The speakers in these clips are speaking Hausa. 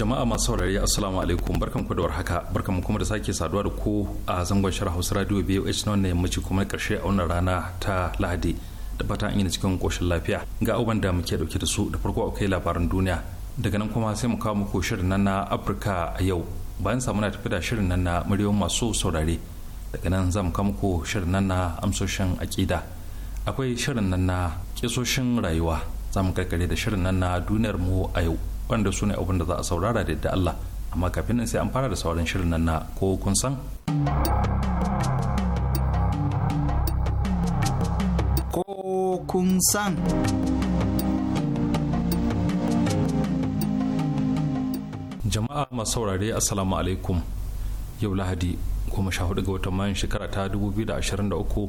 jama'a masu saurari assalamu alaikum barkan ku da warhaka barkan mu kuma da sake saduwa da ku a zangon shara hausa radio boh na wannan yammaci kuma karshe a wannan rana ta lahadi da fatan an yi cikin koshin lafiya ga abubuwan da muke dauke da su da farko akwai labaran duniya daga nan kuma sai mu kawo muku shirin nan na afirka a yau bayan samu na tafi da shirin nan na miliyon masu saurare daga nan za mu kawo muku shirin nan na amsoshin akida akwai shirin nan na kisoshin rayuwa za mu karkare da shirin nan na duniyar mu a yau wanda su ne abin da za a saurara da yadda Allah amma kafin nan sai an fara da sauran shirin nan na ko kun san ko kun san jama'a masu saurare assalamu alaikum yau lahadi goma sha hudu ga watan mayan shekara ta 2023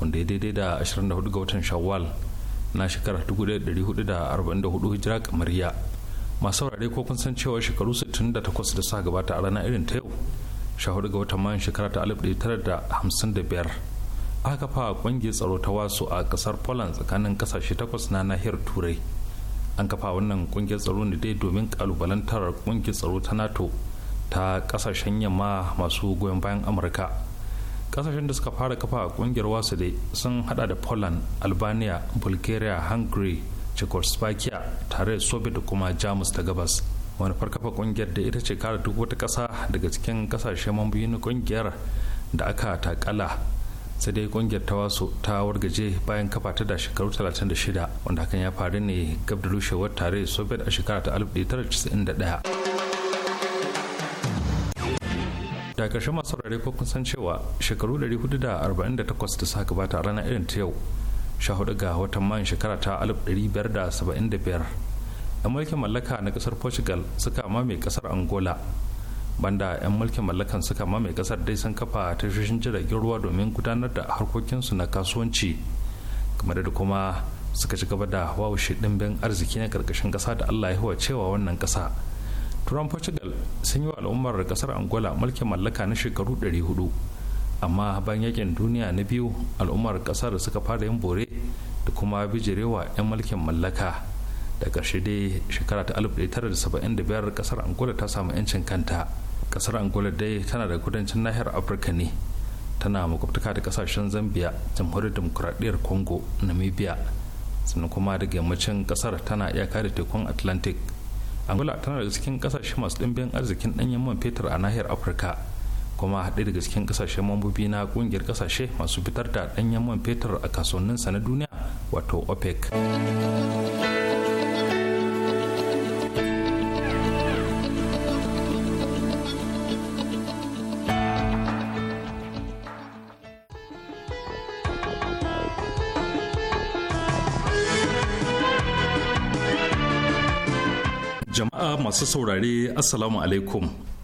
wanda ya daidai da 24 ga watan shawwal na shekarar 1444 hijira kamar ya masu saurare ko kun san cewa shekaru 68 da suka gabata a ranar irin ta yau shahudu ga watan mayun shekara ta 1955 aka kafa kungiyar tsaro ta wasu a kasar poland tsakanin kasashe takwas na nahiyar turai an kafa wannan kungiyar tsaro ne dai domin kalubalantar kungiyar tsaro ta nato ta kasashen yamma masu goyon bayan amurka kasashen da suka fara kafa kungiyar wasu dai sun hada da poland albania bulgaria hungary czechoslovakia tare da soviet da kuma jamus ta gabas manufar kafa kungiyar da ita ce kare duk wata kasa daga cikin kasashe mambobi na kungiyar da aka takala sai dai kungiyar ta wasu ta wargaje bayan kafa ta da shekaru 36 wanda hakan ya faru ne gab da rushewar tare soviet a shekara ta 1991 da karshe masu rarrafa kun san cewa shekaru 448 da suka gabata a ranar irin ta yau 14 ga watan mayun shekara ta 1575 'yan mulkin mallaka na kasar portugal suka mame kasar angola banda 'yan mulkin mallakan suka mame kasar dai sun kafa tashoshin jiragen ruwa domin gudanar da harkokinsu na kasuwanci kamar da kuma suka ci gaba da wawushe dimbin arziki na karkashin kasa da allah ya cewa wannan kasa turan portugal sun yi wa al'ummar kasar angola mulkin mallaka na shekaru 400 amma bayan yakin duniya na biyu al'ummar kasar suka fara yin bore da kuma bijirewa 'yan mulkin mallaka da ƙarshe dai shekara ta 1975 kasar angola ta samu 'yancin kanta kasar angola dai tana da kudancin nahiyar afirka ne tana makwabtaka da kasashen zambia jamhuriyar demokuraɗiyar congo namibia sannan kuma daga yammacin kasar tana iyaka da tekun atlantic angola tana da cikin kasashe masu ɗimbin arzikin ɗanyen man fetur a nahiyar afirka kuma haɗe daga cikin kasashen mambobi na ƙungiyar ƙasashe masu fitar da ɗanyen man fetur a kasuwanninsa na duniya wato opec jama'a masu saurare assalamu alaikum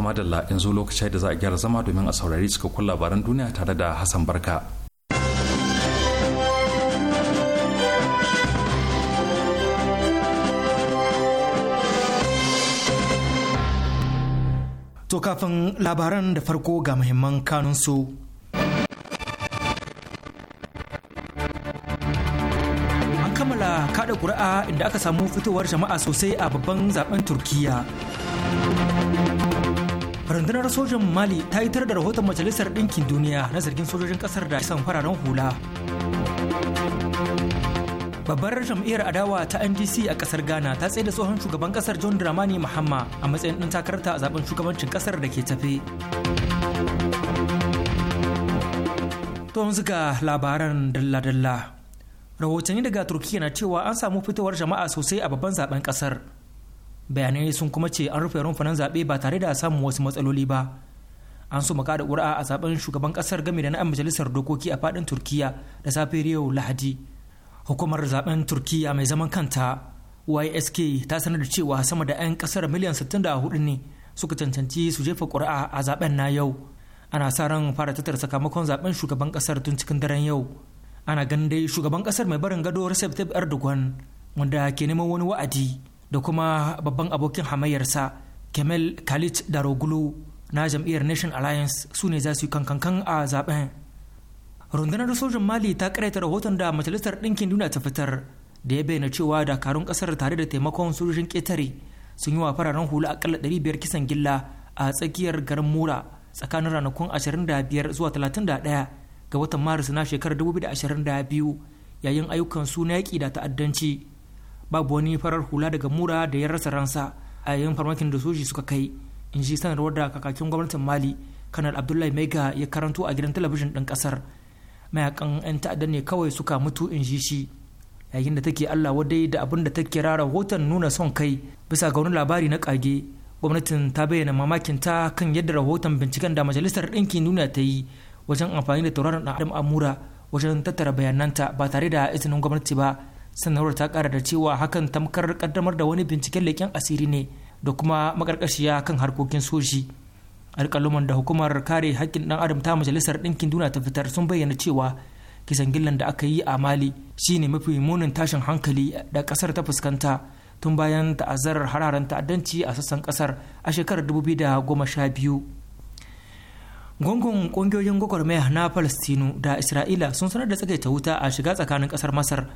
to madalla yanzu lokaci da za a gyara zama domin a saurari cikakkun labaran duniya tare da hassan barka to kafin labaran da farko ga muhimman kanunsu an kammala kada kuri'a inda aka samu fitowar jama'a sosai a babban zaben turkiyya. rundunar sojan mali ta yi tar da rahoton majalisar ɗinkin duniya na zargin sojojin ƙasar da isan fararen hula babbar jam'iyyar adawa ta ndc a ƙasar ghana ta tsaye da tsohon shugaban ƙasar john dramani mahamma a matsayin ɗin takarta a zaben shugabancin ƙasar da ke tafe to ga labaran dalla-dalla rahotanni daga turkiyya na cewa an samu fitowar jama'a sosai a babban zaben ƙasar. bayanai sun kuma ce an rufe rumfunan zaɓe ba tare da samun wasu matsaloli ba an so maka da ƙuri'a a zaɓen shugaban ƙasar game da na majalisar dokoki a faɗin turkiya da safe yau lahadi hukumar zaɓen turkiya mai zaman kanta ysk ta sanar da cewa sama da 'yan ƙasar miliyan 64 ne suka cancanci su jefa ƙuri'a a zaɓen na yau ana sa ran fara tattara sakamakon zaɓen shugaban ƙasar tun cikin daren yau ana ganin dai shugaban ƙasar mai barin gado recep tayyip erdogan wanda ke neman wani wa'adi da kuma babban abokin hamayyarsa kemal khalid daroglu na jam'iyyar nation alliance su ne za su yi kankankan a zaben rundunar sojin mali ta karaita rahoton da majalisar ɗinkin duniya ta fitar da ya bayyana cewa dakarun ƙasar tare da taimakon sojojin ƙetare sun yi wa fararen hula akalla 500 kisan gilla a tsakiyar garin mura tsakanin ranakun 25 zuwa 31 ga watan maris na shekarar 2022 yayin ayyukan su na yaƙi da ta'addanci babu wani farar hula daga mura da ya rasa ransa a yayin farmakin da soji suka kai in ji sanarwar da kakakin gwamnatin mali kanal abdullahi mega ya karanto a gidan talabijin ɗin ƙasar mayakan 'yan ta'adda ne kawai suka mutu in ji shi yayin da take allah wadai da abin da ta kira rahoton nuna son kai bisa ga wani labari na ƙage gwamnatin ta bayyana mamakin ta kan yadda rahoton binciken da majalisar ɗinkin duniya ta yi wajen amfani da tauraron ɗan adam amura wajen tattara bayananta ba tare da izinin gwamnati ba sanarwar ta kara da cewa hakan tamkar kaddamar da wani binciken leƙen asiri ne da kuma makarkashiya kan harkokin soji alƙaluman da hukumar kare haƙƙin ɗan adam ta majalisar ɗinkin duna ta fitar sun bayyana cewa kisan gillan da aka yi a mali shine mafi munin tashin hankali da ƙasar ta fuskanta tun bayan ta'azzarar hararen ta'addanci a sassan ƙasar a shekarar 2012 gungun kungiyoyin gwagwarmaya na palestinu da isra'ila sun sanar da tsagaita wuta a shiga tsakanin ƙasar masar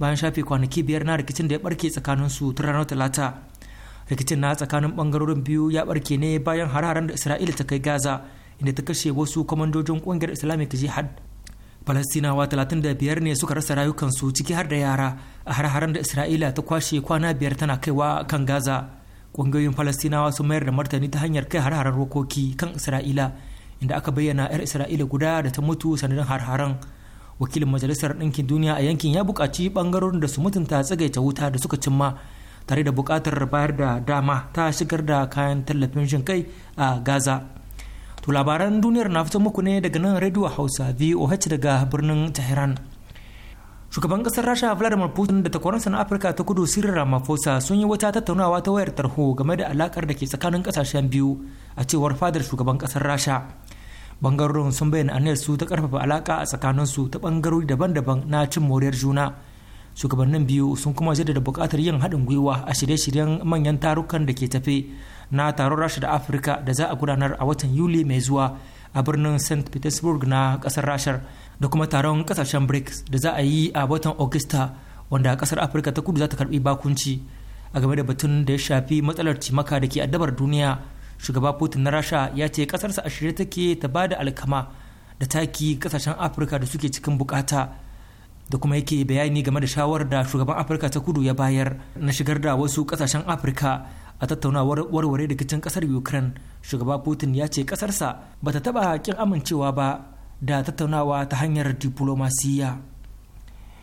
bayan shafe kwanaki biyar na rikicin da ya barke tsakanin su ta ranar talata rikicin na tsakanin bangarorin biyu ya barke ne bayan hararen da isra'ila ta kai gaza inda ta kashe wasu kwamandojin kungiyar islamic jihad falastinawa biyar ne suka rasa rayukansu ciki har da yara a har da isra'ila ta kwashe kwana biyar tana kaiwa kan gaza ƙungiyoyin falastinawa sun mayar da martani ta hanyar kai har-haren rokoki kan isra'ila inda aka bayyana 'yar isra'ila guda da ta mutu sanadin har wakilin majalisar ɗinkin duniya a yankin ya buƙaci ɓangarorin da su mutunta tsagaita wuta da suka cimma tare da buƙatar bayar da dama ta shigar da kayan tallafin shin kai a gaza to labaran duniyar na fito muku ne daga nan rediyo hausa voh daga birnin tehran shugaban kasar rasha vladimir putin da takwaransa na afirka ta kudu sirri ramaphosa sun yi wata tattaunawa ta wayar tarho game da alakar da ke tsakanin kasashen biyu a cewar fadar shugaban kasar rasha bangarorin sun bayyana aniyar su ta karfafa alaka a tsakanin su ta bangarori daban-daban na cin moriyar juna shugabannin biyu sun kuma da bukatar yin haɗin gwiwa a shirye-shiryen manyan tarukan da ke tafe na taron rasha da afirka da za a gudanar a watan yuli mai zuwa a birnin st petersburg na ƙasar rashar da kuma taron kasashen brics da za a yi a watan augusta wanda ƙasar afirka ta kudu za ta karbi bakunci a game da batun da ya shafi matsalar cimaka da ke addabar duniya shugaba putin na rasha ya ce kasarsa a shirye take ta ba da alkama da taki kasashen afirka da suke cikin bukata da kuma yake bayani game da shawarar da shugaban afirka ta kudu ya bayar na shigar da wasu kasashen afirka a tattaunawar warware rikicin kasar ukraine shugaba putin ya ce kasarsa ba ta taba kin amincewa ba da tattaunawa ta hanyar diplomasiya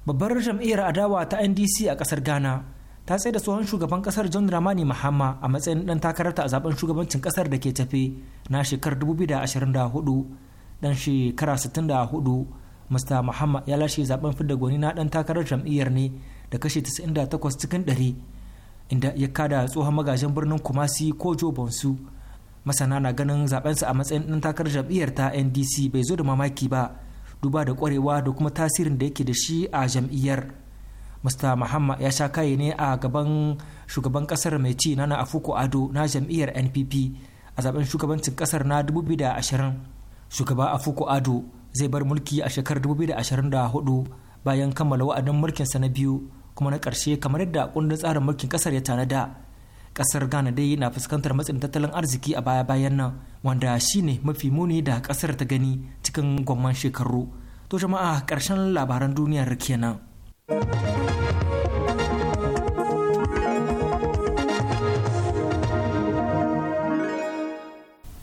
babbar jam'iyyar adawa ta ndc a kasar ghana ta tsaye da tsohon shugaban kasar john ramani mahama a matsayin dan takararta a zaben shugabancin kasar da ke tafe na shekarar 2024 dan shekara 64 mr mahama ya lashe zaben fidda gwani na dan takarar jam'iyyar ne da kashe 98 cikin 100 inda ya kada tsohon magajin birnin kumasi ko bonsu masana na ganin zabensa a matsayin dan takarar jam'iyyar ta ndc bai zo da mamaki ba duba da kwarewa da kuma tasirin da yake da shi a jam'iyyar mr muhammad ya sha kai ne a gaban shugaban kasar mai ci nana afuku ado na jam'iyyar npp a zaben shugabancin kasar na 2020 shugaba afuku ado zai bar mulki a shekarar 2024 bayan kammala wa'adin mulkin sa na biyu kuma na karshe kamar yadda kundin tsarin mulkin kasar ya tanada kasar ghana dai na fuskantar matsin tattalin arziki a baya-bayan nan wanda shine mafi muni da kasar ta gani cikin gwamman shekaru to jama'a karshen labaran duniyar kenan.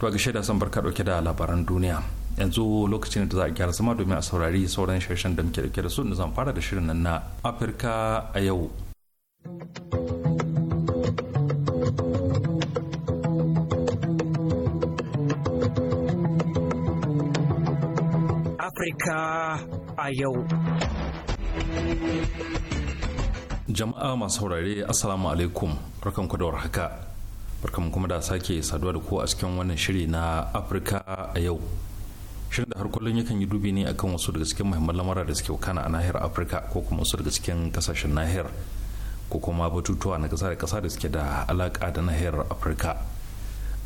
to ga shaida son barka dauke da labaran duniya yanzu lokacin da za a gyara zama domin a saurari sauran shirshen da muke dauke da su zan fara da shirin nan na afirka a yau Afirka a yau. Jama'a masu saurare Assalamu alaikum, barkanku da haka. barkamu kuma da sake saduwa da ku a cikin wannan shiri na afirka a yau shirin da har kullum yakan yi dubi ne akan wasu daga cikin muhimman lamura da suke kana a nahiyar afirka ko kuma wasu daga cikin kasashen nahiyar ko kuma batutuwa na kasa da kasa da suke da alaka da nahiyar afirka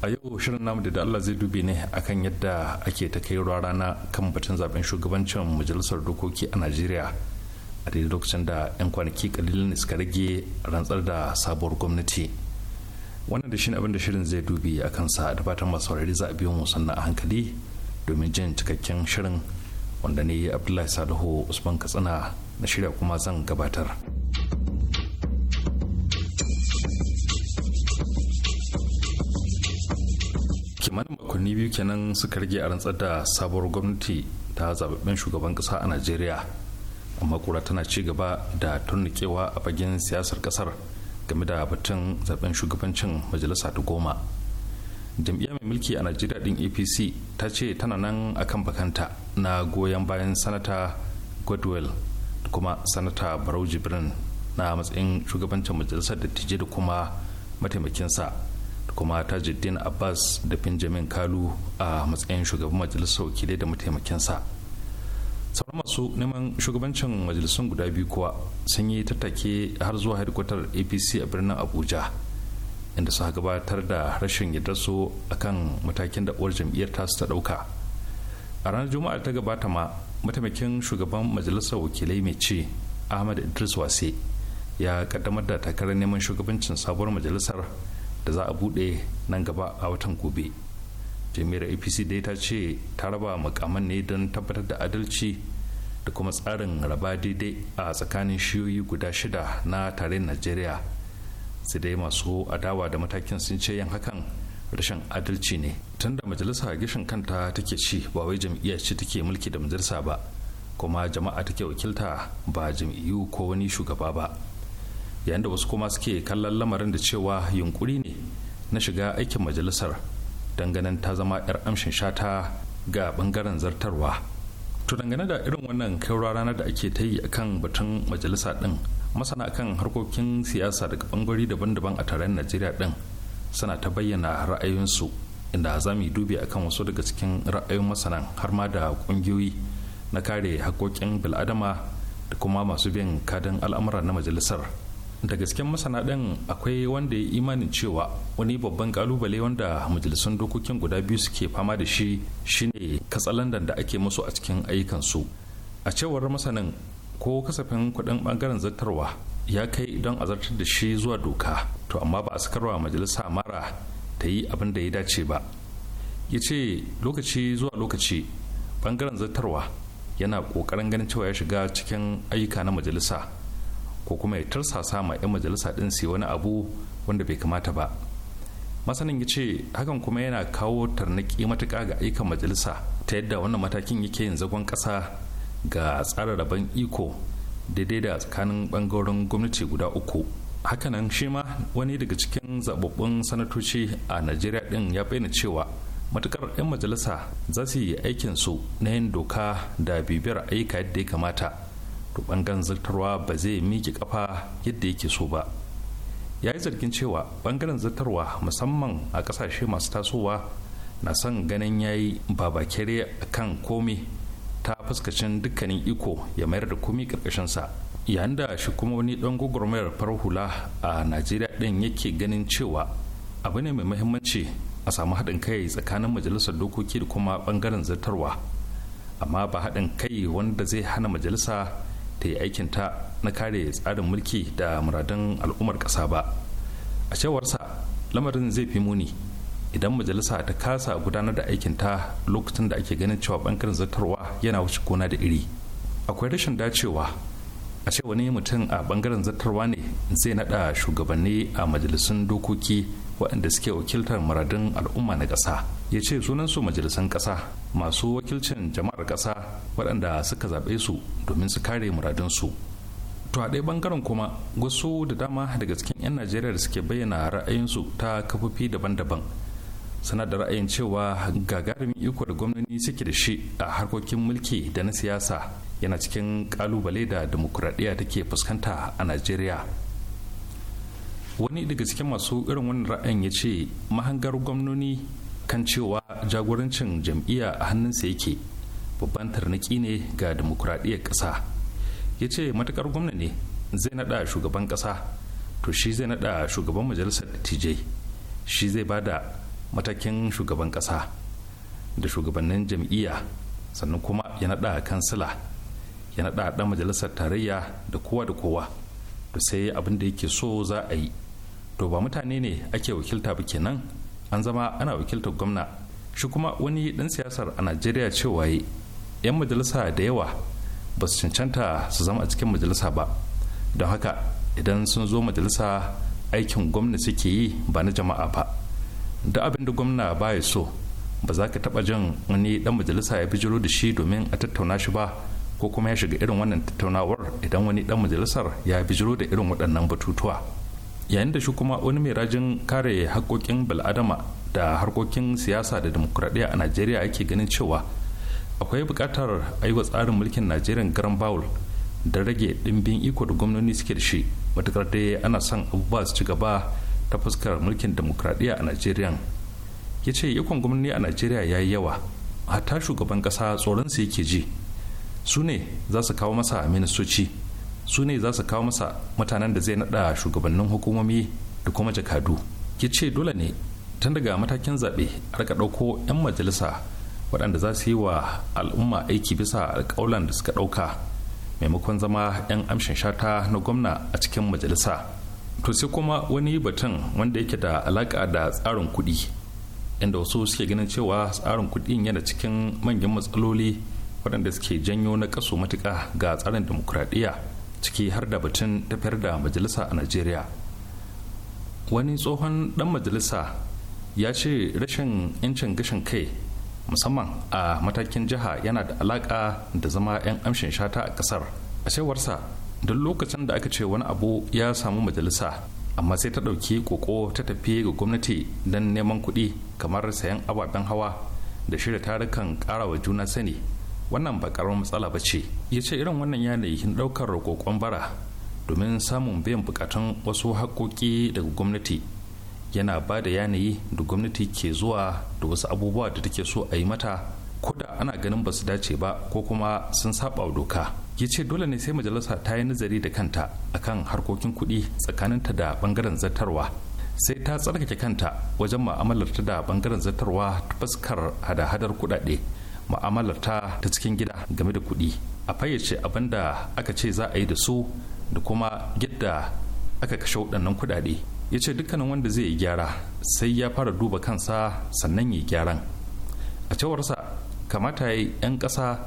a yau shirin namu da allah zai dubi ne akan yadda ake ta kai rana kan batun zaben shugabancin majalisar dokoki a najeriya a daidai lokacin da 'yan kwanaki kalilin suka rage rantsar da sabuwar gwamnati wannan da shine abin da shirin zai dubi a sa da fatan masu saurari za a biyo mu sannan a hankali domin jin cikakken shirin wanda ne abdullahi salihu usman katsina na shirya kuma zan gabatar kimanin makonni biyu kenan suka rage a rantsar da sabuwar gwamnati ta zababben shugaban kasa a najeriya amma kura tana ci gaba da turnikewa a fagen siyasar kasar game da batun zaben shugabancin majalisa ta goma jam'iyyar mai mulki a najeriya din apc ta ce tana nan akan bakanta na goyon bayan sanata godwell da kuma sanata barau jibrin na matsayin shugabancin majalisar dattijai da kuma mataimakinsa da kuma tajiddin abbas da benjamin kalu a matsayin shugaban majalisar wakilai da mataimakinsa sauran masu neman shugabancin majalisun guda biyu kuwa sun yi tattake har zuwa hedkwatar apc a birnin abuja inda suka gabatar da rashin yardarsu kan matakin da uwar jam'iyyar tasu ta dauka a ranar juma'a ta gabata ma mataimakin shugaban majalisar wakilai mai ce ahmad idris wase ya kaddamar da takarar neman shugabancin sabuwar majalisar da za a bude nan gaba a watan gobe jami'ar apc dai ta ce ta raba mukaman ne don tabbatar da adalci da kuma tsarin raba daidai a tsakanin shiyoyi guda shida na tarayyar najeriya sai dai masu adawa da matakin sun ce yin hakan rashin adalci ne tunda majalisa gishin kanta take ci ba wai jam'iyyar ce take mulki da majalisa ba kuma jama'a take wakilta ba jam'iyyu ko wani shugaba ba yayin da wasu kuma suke kallon lamarin da cewa yunkuri ne na shiga aikin majalisar ganin ta zama 'yar amshin shata ga bangaren zartarwa to dangane da irin wannan kaura ranar da ake ta yi akan batun majalisa din masana kan harkokin siyasa daga bangarori daban-daban a taron najeriya din suna ta bayyana ra'ayoyinsu inda za mu dubi akan wasu daga cikin ra'ayin masana har ma da ƙungiyoyi na kare haƙoƙin bil'adama da kuma masu bin kadan al'amura na majalisar da gasken masana ɗin akwai wanda ya imanin cewa wani babban kalubale wanda majalisun dokokin guda biyu suke fama da shi shine katsalandan da ake musu a cikin ayyukansu a cewar masanin ko kasafin kuɗin ɓangaren zartarwa ya kai don a zartar da shi zuwa doka to amma ba a sakarwa majalisa mara ta yi abin da ya dace ba ya ce lokaci zuwa lokaci ɓangaren zartarwa yana ƙoƙarin ganin cewa ya shiga cikin ayyuka na majalisa ko kuma ya tarsasa ma 'yan majalisa ɗin su wani abu wanda bai kamata ba masanin ya ce hakan kuma yana kawo tarnaki matuƙa ga ayyukan majalisa ta yadda wannan matakin yake yin zagon ƙasa ga tsara rabon iko daidai da tsakanin ɓangaren gwamnati guda uku hakanan shi ma wani daga cikin zaɓaɓɓun sanatoci a najeriya ɗin ya bayyana cewa matuƙar 'yan majalisa za su yi aikinsu na yin doka da bibiyar ayyuka yadda ya kamata to bangaren zartarwa ba zai miƙe kafa yadda yake so ba ya yi zargin cewa bangaren zartarwa musamman a ƙasashe masu tasowa na son ganin ya yi babakere a kan komi ta fuskacin dukkanin iko ya mayar da komi ƙarƙashinsa yayin da shi kuma wani ɗan gwagwarmayar farar hula a najeriya ɗin yake ganin cewa abu ne mai muhimmanci a samu haɗin kai tsakanin majalisar dokoki da kuma bangaren zartarwa amma ba haɗin kai wanda zai hana majalisa ta yi aikinta na kare tsarin mulki da muradun al'ummar ƙasa ba a cewarsa lamarin zai fi muni idan majalisa ta kasa gudanar da aikinta lokacin da ake ganin cewa bankin zartarwa yana wuce gona da iri akwai rashin dacewa a ce wani mutum a bangaren zartarwa ne zai nada shugabanni a majalisun dokoki waɗanda suke wakiltar muradun al'umma na ƙasa ya ce sunansu majalisan ƙasa masu wakilcin jama'ar ƙasa waɗanda suka zaɓe su domin su kare muradinsu to a ɗaya bangaren kuma wasu da dama daga cikin 'yan najeriya da suke bayyana ra'ayinsu ta kafofi daban-daban sana da ra'ayin cewa gagarumin iko da gwamnati suke da shi a harkokin mulki da na siyasa yana cikin kalubale da demokuraɗiyya take fuskanta a najeriya wani daga cikin masu irin wannan ra'ayin ya ce mahangar gwamnoni kan cewa jagorancin jam'iyya a hannunsa yake babban tarnaki ne ga demokuraɗiyyar ƙasa ya ce matakar gwamna ne zai naɗa shugaban ƙasa to shi zai naɗa shugaban majalisar dattijai shi zai ba da matakin shugaban ƙasa da shugabannin jam'iyya sannan kuma ya naɗa kansila ya naɗa ɗan majalisar tarayya da kowa da kowa to sai abin da yake so za a yi to ba mutane ne ake wakilta ba kenan an zama ana wakiltar gwamna shi kuma wani dan siyasar a najeriya cewa yi 'yan majalisa da yawa ba su cancanta su zama a cikin majalisa ba don haka idan sun zo majalisa aikin gwamna suke yi ba na jama'a ba da abin da gwamna ba ya so ba za ka taba jin wani dan majalisa ya bijiro da shi domin a tattauna shi ba ko kuma ya shiga irin wannan tattaunawar idan wani dan majalisar ya bijiro da irin waɗannan batutuwa yayin da shi kuma wani mai rajin kare haƙoƙin bil'adama da harkokin siyasa da demokuraɗiyya a najeriya ake ganin cewa akwai buƙatar a tsarin mulkin najeriya garan bawul da rage ɗimbin iko da gwamnoni suke da shi matuƙar dai ana son abubuwa su ci gaba ta fuskar mulkin demokuraɗiyya a najeriya ya ce ikon gwamnoni a najeriya ya yi yawa hatta shugaban ƙasa tsoron su yake ji su ne za su kawo masa ministoci su ne za su kawo masa mutanen da zai naɗa shugabannin hukumomi da kuma jakadu ya ce dole ne tun daga matakin zaɓe a rika ɗauko 'yan majalisa waɗanda za su yi wa al'umma aiki bisa alƙawalan da suka ɗauka maimakon zama 'yan amshin shata na gwamna a cikin majalisa to sai kuma wani batun wanda yake da alaƙa da tsarin kuɗi inda wasu suke ganin cewa tsarin kuɗin yana cikin manyan matsaloli waɗanda suke janyo na kaso matuƙa ga tsarin dimokuraɗiyya ciki har da batun tafiyar da majalisa a najeriya wani tsohon dan majalisa ya ce rashin 'yancin gashin kai musamman a matakin jiha yana da alaƙa da zama 'yan amshin shata a kasar a cewarsa don lokacin da aka ce wani abu ya samu majalisa amma sai ta ɗauki koko ta tafi ga gwamnati don neman kuɗi kamar sayan ababen hawa da shirya tarukan ƙarawa juna sani wannan ba karamin matsala ba ce ya ce irin wannan yanayin ɗaukar rokokon bara domin samun biyan bukatun wasu haƙoƙi daga gwamnati yana ba da yanayi da gwamnati ke zuwa da wasu abubuwa da take so a yi mata ko da ana ganin ba su dace ba ko kuma sun saba doka ya ce dole ne sai majalisa ta yi nazari da kanta akan harkokin kuɗi tsakaninta da bangaren zartarwa sai ta tsarkake kanta wajen ma'amalar ta da bangaren zartarwa ta fuskar hada-hadar kuɗaɗe mu'amalar ta ta cikin gida game da kuɗi a fayyace abin da aka ce za a yi da su da kuma yadda aka kashe waɗannan kuɗaɗe ya ce dukkanin wanda zai yi gyara sai ya fara duba kansa sannan ya gyaran a cewarsa kamata ya yi 'yan ƙasa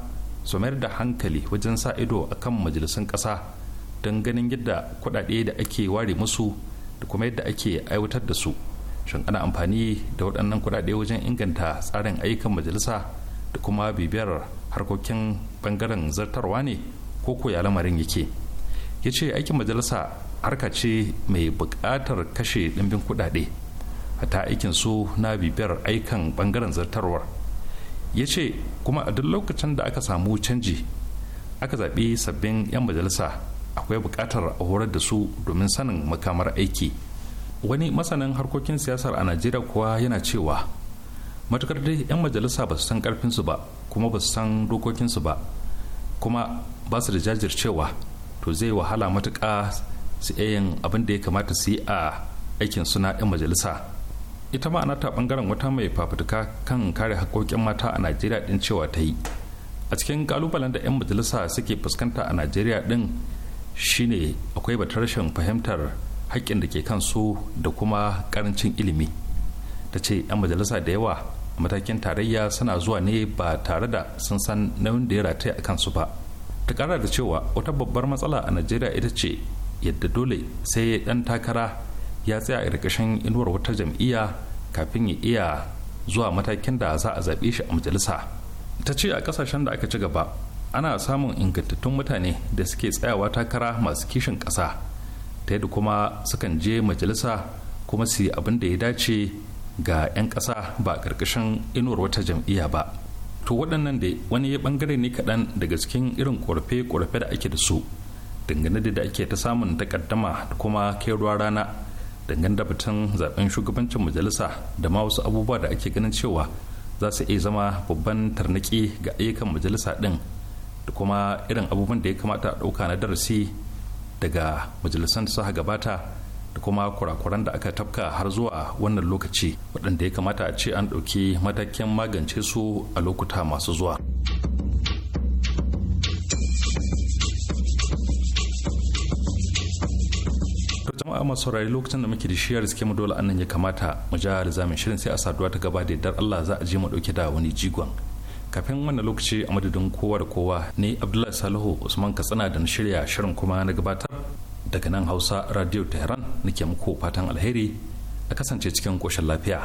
su mayar da hankali wajen sa ido a kan majalisun ƙasa don ganin yadda kuɗaɗe da ake ware musu da kuma yadda ake aiwatar da su shin ana amfani da waɗannan kuɗaɗe wajen inganta tsarin ayyukan majalisa da kuma bibiyar harkokin bangaren zartarwa ne ko koya lamarin yake ya ce aikin majalisa harka ce mai buƙatar kashe ɗimbin kuɗaɗe ta aikin su na bibiyar aikan bangaren zartarwar ya ce kuma a duk lokacin da aka samu canji aka zaɓi sabbin 'yan majalisa akwai buƙatar a horar da su domin sanin makamar aiki wani masanin harkokin siyasar a najeriya kuwa yana cewa matukar dai 'yan majalisa ba su san karfinsu ba kuma ba su san dokokinsu ba kuma ba su da jajircewa to zai wahala matuka su yin abin da ya kamata su yi a aikin suna 'yan majalisa ita ma ta bangaren wata mai fafutuka kan kare haƙoƙin mata a najeriya din cewa ta yi a cikin kalubalen da 'yan majalisa suke fuskanta a najeriya din shine akwai batar rashin fahimtar haƙƙin da ke kan su da kuma ƙarancin ilimi ta ce 'yan majalisa da yawa matakin tarayya suna zuwa ne ba tare da sun san nauyin da ya rataya a kansu ba ta kara da cewa wata babbar matsala a najeriya ita ce yadda dole sai dan takara ya tsaya a ƙarƙashin inuwar wata jam'iyya kafin ya iya zuwa matakin da za a zaɓe shi a majalisa ta ce a ƙasashen da aka ci gaba ana samun ingantattun mutane da suke tsayawa takara masu kishin ƙasa ta yadda kuma sukan je majalisa kuma su yi abin da ya dace ga 'yan ƙasa ba ƙarƙashin inuwar wata jam'iyya ba to waɗannan da wani ya bangare ne kaɗan daga cikin irin ƙorafe-ƙorafe da ake da su dangane da ake ta samun takaddama da kuma kai ruwa rana dangane da batun zaben shugabancin majalisa da ma wasu abubuwa da ake ganin cewa za su iya zama babban tarnaki ga ayyukan majalisa ɗin da kuma irin abubuwan da ya kamata a ɗauka na darasi daga majalisan da suka gabata da kuma kurakuran da aka tafka har zuwa wannan lokaci waɗanda ya kamata a ce an ɗauki matakin magance su a lokuta masu zuwa. jama'a masu saurari lokacin da muke da shiyar suke mu dole annan ya kamata mu ja da zamin shirin sai a saduwa ta gaba da yardar Allah za a je mu dauke da wani jigon kafin wannan lokaci a madadin kowa da kowa ne Abdullahi Salihu Usman Katsina da na shirya shirin kuma na gabatar daga nan hausa radio tehran nake muku fatan alheri a kasance cikin koshin lafiya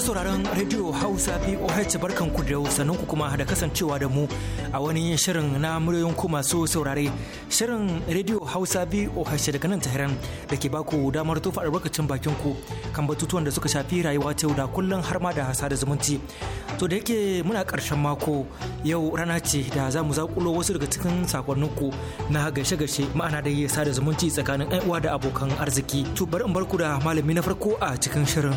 sauraron Radio Hausa POH ku da sannan ku kuma da kasancewa da mu a wani shirin na muryoyin ku masu saurare. Shirin Radio Hausa POH daga nan Tahiran da ke baku damar tofa albarkacin bakin ku kan batutuwan da suka shafi rayuwa ta yau da kullum har ma da hasa da zumunci. To da yake muna karshen mako yau rana ce da za mu zakulo wasu daga cikin sakonnin ku na gashe-gashe ma'ana da ya sada zumunci tsakanin uwa da abokan arziki. To bari in barku da malami na farko a cikin shirin.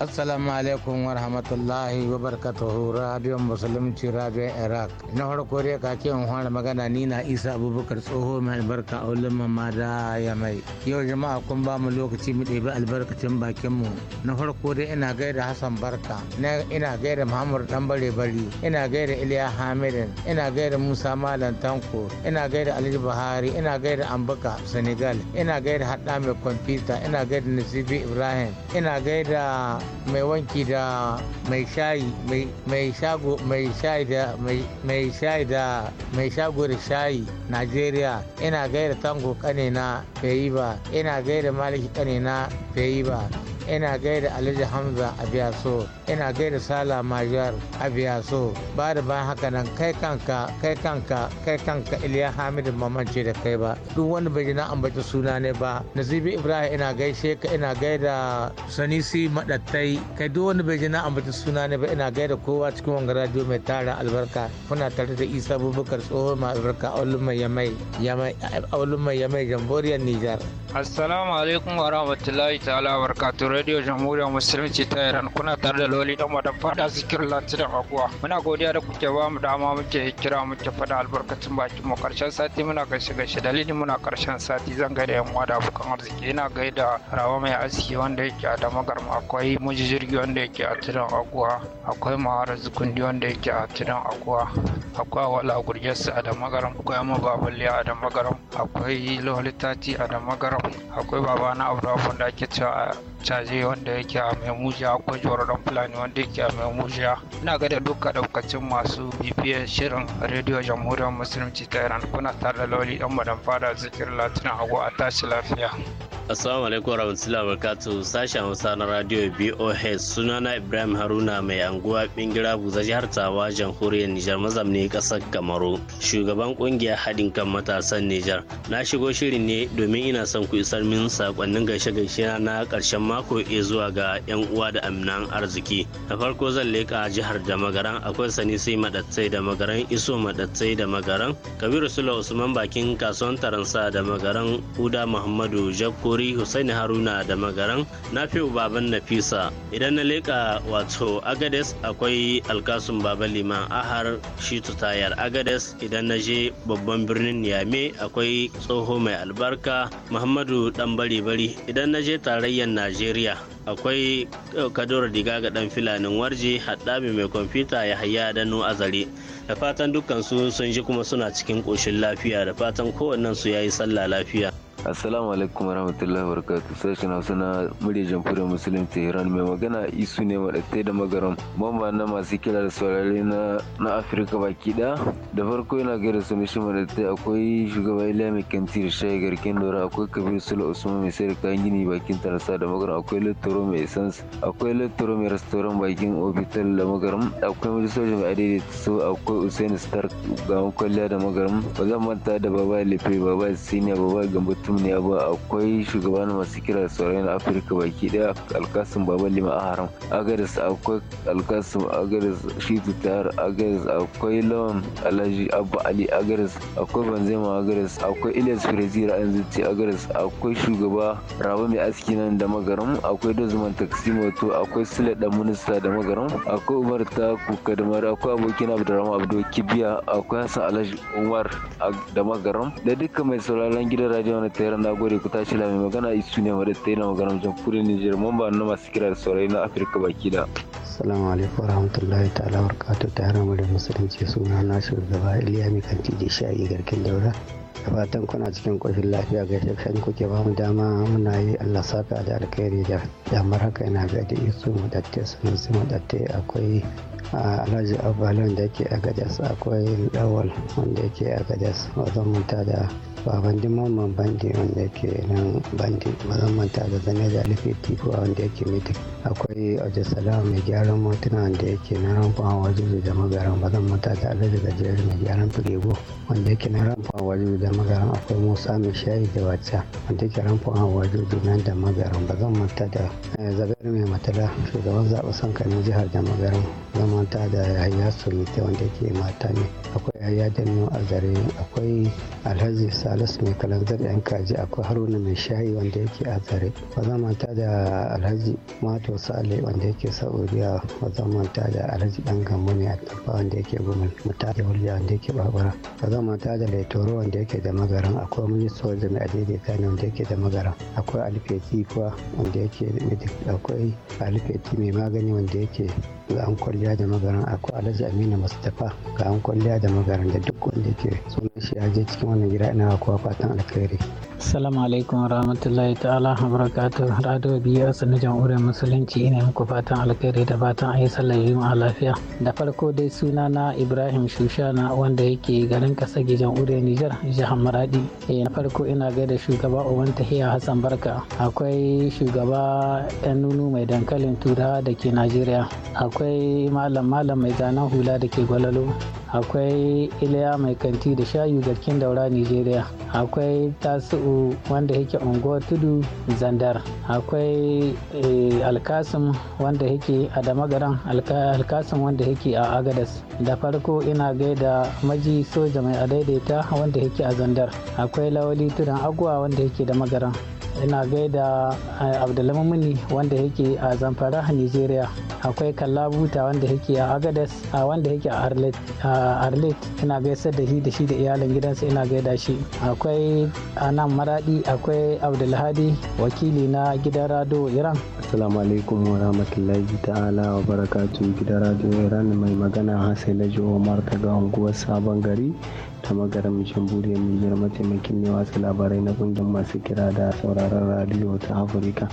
assalamu alaikum wa rahmatullahi wa barakatuhu rabiyon musulunci rabiyon iraq na farko dai kake in hana magana ni na isa abubakar tsoho mai albarka a wulin mamma da ya mai yau jama'a kun ba mu lokaci mu ɗebi albarkacin bakin mu na farko dai ina gaida hassan barka ina gaida muhammad dan bare bari ina gaida iliya hamidin ina gaida musa malam tanko ina gaida Aliyu, buhari ina gaida ambaka senegal ina gaida hadda mai kwamfuta ina gaida nasibi ibrahim ina gaida mai wanki da mai shayi mai shago mai shayi da mai shayi da mai shago da shayi Najeriya ina gaida tango kane na bai ba ina gaida maliki kane na bai ba ina gaida alhaji hamza a biyaso ina gaida sala major a biyaso ba da ban haka nan kai kanka kai kanka kai kanka iliya hamidu mamance da kai ba duk wani bai na ambaci suna ne ba nazibi ibrahim ina gaishe ka ina gaida sanisi madattai kai duk wani bai na ambaci suna ne ba ina gaida kowa cikin wanga radio mai tara albarka kuna tare da isa bubukar tsohon ma albarka aulun yamai yamai aulun yamai jamboriyar nijar assalamu alaikum wa rahmatullahi ta'ala wa Radio Jamhuriyar Musulunci ta Iran kuna tare da Loli dan wadan fada zikirin Latinan Aguwa. Muna godiya da kuke ba mu dama muke kira muke fada albarkacin bakin mu karshen sati muna gaishe gaishe dalilin muna karshen sati zan da yamma da abokan arziki ina gaida rawa mai aski wanda yake a damagarma akwai muji jirgi wanda yake a tiran aguwa akwai mahara zukundi wanda yake a tiran aguwa akwai wala gurjesa a damagaram akwai amma babaliya a damagaram akwai lolitati a damagaram akwai babana abu da ake cewa garaje wanda yake a maimuja akwai fulani wanda yake a maimuja ina ga da duka daukacin masu bibiyar shirin rediyo jamhuriyar musulunci ta iran kuna tare da lauli dan madan fada zikir latin hagu a tashi lafiya Assalamu alaikum wa wabarakatuh sashen Hausa na radio BOH sunana Ibrahim Haruna mai anguwa bingira buza jihar Tawa jamhuriyar Nijar mazamni kasar Kamaru shugaban kungiyar haɗin kan matasan Nijar na shigo shirin ne domin ina son ku isar min sakonnin gaishe gaishe na karshen mako iya zuwa ga 'yan uwa da aminan arziki da farko zan leka jihar da magaran akwai sanisi madatsai da magaran iso madatsai da magaran kabiru sula usman bakin kasuwan taransa da magaran huda muhammadu jakori husaini haruna da magaran nafi'u baban nafisa idan na leka wato agades akwai alkasun baba liman ahar shitu tayar agades idan na je babban birnin Yame akwai tsoho mai albarka muhammadu dan bari bari idan na je tarayyar najeriya Najeriya akwai eh, Kadoro Diga ga dan filanin warje haɗabi mai kwamfuta ya haya no a zare. Da fatan dukkan su sun ji kuma suna cikin ƙoshin lafiya da fatan kowannen su yayi sallah lafiya. Assalamu alaikum warahmatullahi wabarakatu sashen Hausa na murya jamhuriyar Musulun Tehran mai magana isu ne wadatai da magaram mamba na masu kira da saurari na na Afirka baki da da farko yana gaira su mishi wadatai. akwai shugaba Iliya mai kanti da shayi garken dora akwai Kabir Sula Usman mai sayar kayan gini bakin tarasa da magaram akwai Lettoro mai essence akwai Lettoro mai restaurant bakin ofital da magaram akwai sojin mai adaidaita so akwai Usaini Stark ga kwalliya da magaram ba zan manta da Baba Lefe Baba Siniya Baba Gambatun duniya ba akwai shugaban masu kira sauran afirka baki daya alkasim baba lima haram agaris akwai alkasim agaris shi tutar agaris akwai lawan alhaji abba ali agaris akwai banzema agaris akwai ilyas firezi yanzu zuci agaris akwai shugaba rabu mai aski nan da magaram akwai dozman taksimoto akwai sule da minista da magaram akwai umar ta kuka da mara akwai abokin abdurrahman abdo kibiya akwai hassan alhaji umar da magaram da duka mai sauraron gidan rajiyar wani tayar na gore ku tashi la mai magana isu ne wadda ta yi na maganar jamhuriyar Nijar mamba na masu kira da saurayi na Afirka baki da. Assalamu alaikum warahmatullahi ta'ala barkatu ta mu musulunci suna na shugaba Iliya Mikanti da sha'i garkin daura. Da fatan kuna cikin ƙoshin lafiya ga shekshen kuke ba mu dama muna yi Allah saka da alkhairi da damar haka yana ga da isu mu datte su mu datte akwai alhaji abalon da yake a akwai dawal wanda yake a wazan manta da baban mamman bandi wanda yake nan bandi musamman ta da zane da alifi tiko a wanda yake mita akwai aje salam mai gyaran motuna wanda yake na ramfan wajen da magaran zan ta da alaji gajiyar mai gyaran firego wanda yake na ramfan wajen da magaran akwai musa mai shayi da wata wanda yake ramfan wajen nan da magaran zan mata da eh, zagar mai matala shugaban zaɓe sanka kanin jihar da magaran zan mata da yaya sulite wanda yake mata ne akwai yahaya daniel azare akwai alhazi sa Salisu mai kalanzar yan kaji akwai Haruna mai shayi wanda yake a zare. Ba zan manta da Alhaji Mato Sale wanda yake Saudiya ba zan manta da Alhaji Dan Gambo mai atamfa wanda yake Gumel da wulya wanda yake Babura. Ba zan manta da Laitoro wanda yake da Magaran akwai Minista soja mai adaidaita ne wanda yake da Magaran akwai Alfeti kuwa wanda yake akwai Alfeti mai magani wanda yake ga an kwalliya da magaran akwai alhaji amina mustapha ga an kwalliya da magaran da duk wanda ke sunan shi ya je cikin wannan gida ina kowa fatan alkhairi. Assalamu alaikum wa rahmatullahi ta'ala wa barakatuh Radio BS na jamhuriyar musulunci ina muku fatan alkhairi da fatan a yi sallar juma'a lafiya. Da farko dai suna na Ibrahim Shushana wanda yake garin Kasage jamhuriyar Nijar jihar Maradi. Eh na farko ina da shugaba Uban Tahiya Hassan Barka. Akwai shugaba ɗan nunu mai dankalin tura da ke Najeriya. Akwai malam malam mai zanen hula da ke Gwalalo. Akwai Iliya mai kanti da shayu garkin daura Nijeriya. Akwai tasu rabi'u wanda yake unguwar tudu zandar akwai eh, alkasim wanda yake a damagaran alkasim wanda yake a agadas da farko ina gaida maji soja mai adaidaita wanda yake a zandar akwai lawali tudun agwa wanda yake da magaran ina gaida eh, abdullamini wanda yake a zamfara nigeria akwai kalabuta wanda yake a agadas a wanda yake a arlet ina gaisa da shi da shi da iyalin gidansa ina gaida shi akwai anan maradi akwai abdulhadi wakili na gidan rado iran assalamu alaikum wa rahmatullahi ta'ala wa barakatu gidan rado iran mai magana na lajo omar daga unguwar sabon gari ta magaram jamhuriyar Nijar mataimakin mai wasu labarai na kungiyar masu kira da sauraron radiyo ta Afirka.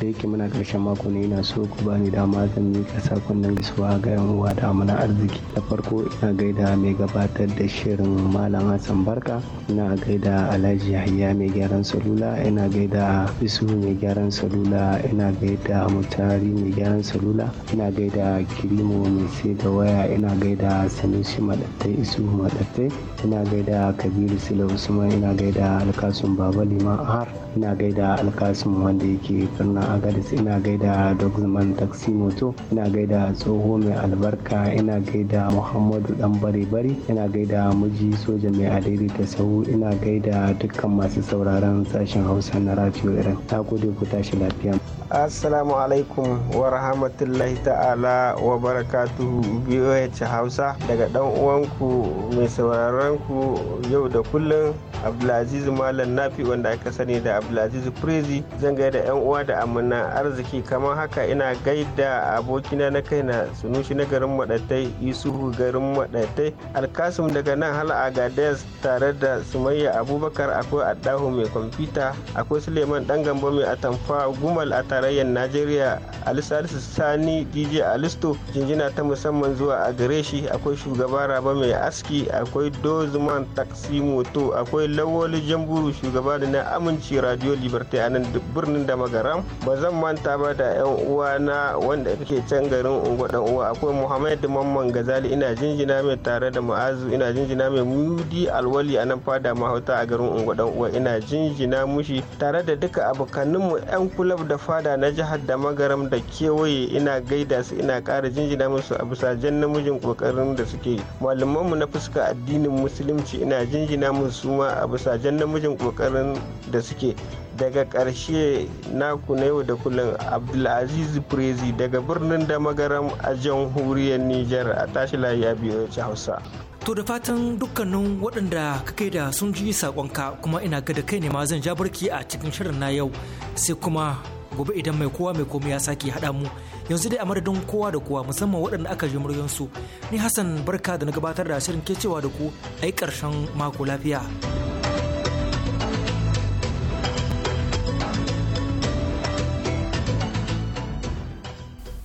da yake muna karshen mako ne ina so ku bani dama zan miƙa sakonnin gaisuwa ga yan uwa da mana arziki da farko ina gaida mai gabatar da shirin malam hassan barka ina gaida alhaji Hayya mai gyaran salula ina gaida isu mai gyaran salula ina gaida mutari mai gyaran salula ina gaida kirimo mai sai da waya ina gaida sanusi madattai isu madattai ina gaida kabiru sila usman ina gaida alkasun baba liman har ina gaida alkasim wanda yake birnin agadis ina gaida dogzman taxi moto ina gaida tsoho mai albarka ina gaida muhammadu dan bare bari ina gaida miji soja mai adaidai ta sahu ina gaida dukkan masu sauraron sashen hausa na radio irin na gode ku tashi lafiya assalamu alaikum wa rahmatullahi ta'ala wa barakatuhu ci Hausa daga dan uwanku mai sauraron ku yau da kullum Abdulaziz Malam Nafi wanda aka sani da Abdulaziz Prezi zan da yan uwa da amana arziki kamar haka ina gaida abokina na kaina sunushi na garin madatai Yusufu garin madatai Alkasim daga nan hal Agadez tare da Sumayya Abubakar akwai Adahu mai kwamfuta akwai Suleiman dan gambo mai atamfa Gumal a tarayyar najeriya alisalisu sani dj alisto jinjina ta musamman zuwa a gare shi akwai shugaba raba mai aski akwai dozman taksi moto akwai lawoli jamburu shugaba da na aminci radio liberty a nan birnin da magaram ba zan manta ba da yan uwa na wanda kake can garin unguwa dan uwa akwai muhammad mamman gazali ina jinjina mai tare da ma'azu ina jinjina mai mudi alwali a nan fada mahauta a garin unguwa dan uwa ina jinjina mushi tare da duka abokanninmu yan kulab da fada al'ada na jihar da magaram da kewaye ina gaida su ina kara jinjina musu a bisa jan namijin ƙoƙarin da suke malamanmu na fuska addinin musulunci ina jinjina musu ma a bisa jan namijin ƙoƙarin da suke daga ƙarshe naku na yau da kullum abdulaziz prezi daga birnin da magaram a jamhuriyar niger a tashi lafiya biyu hausa to da fatan dukkanin waɗanda kake da sun ji saƙonka kuma ina ga da kai ne ma zan ja barki a cikin shirin na yau sai kuma gobe idan mai kowa mai komai ya sake haɗa mu yanzu dai a madadin kowa da kowa musamman waɗanda aka ji muryansu ni hassan barka da na gabatar da shirin cewa da ku a yi ƙarshen mako lafiya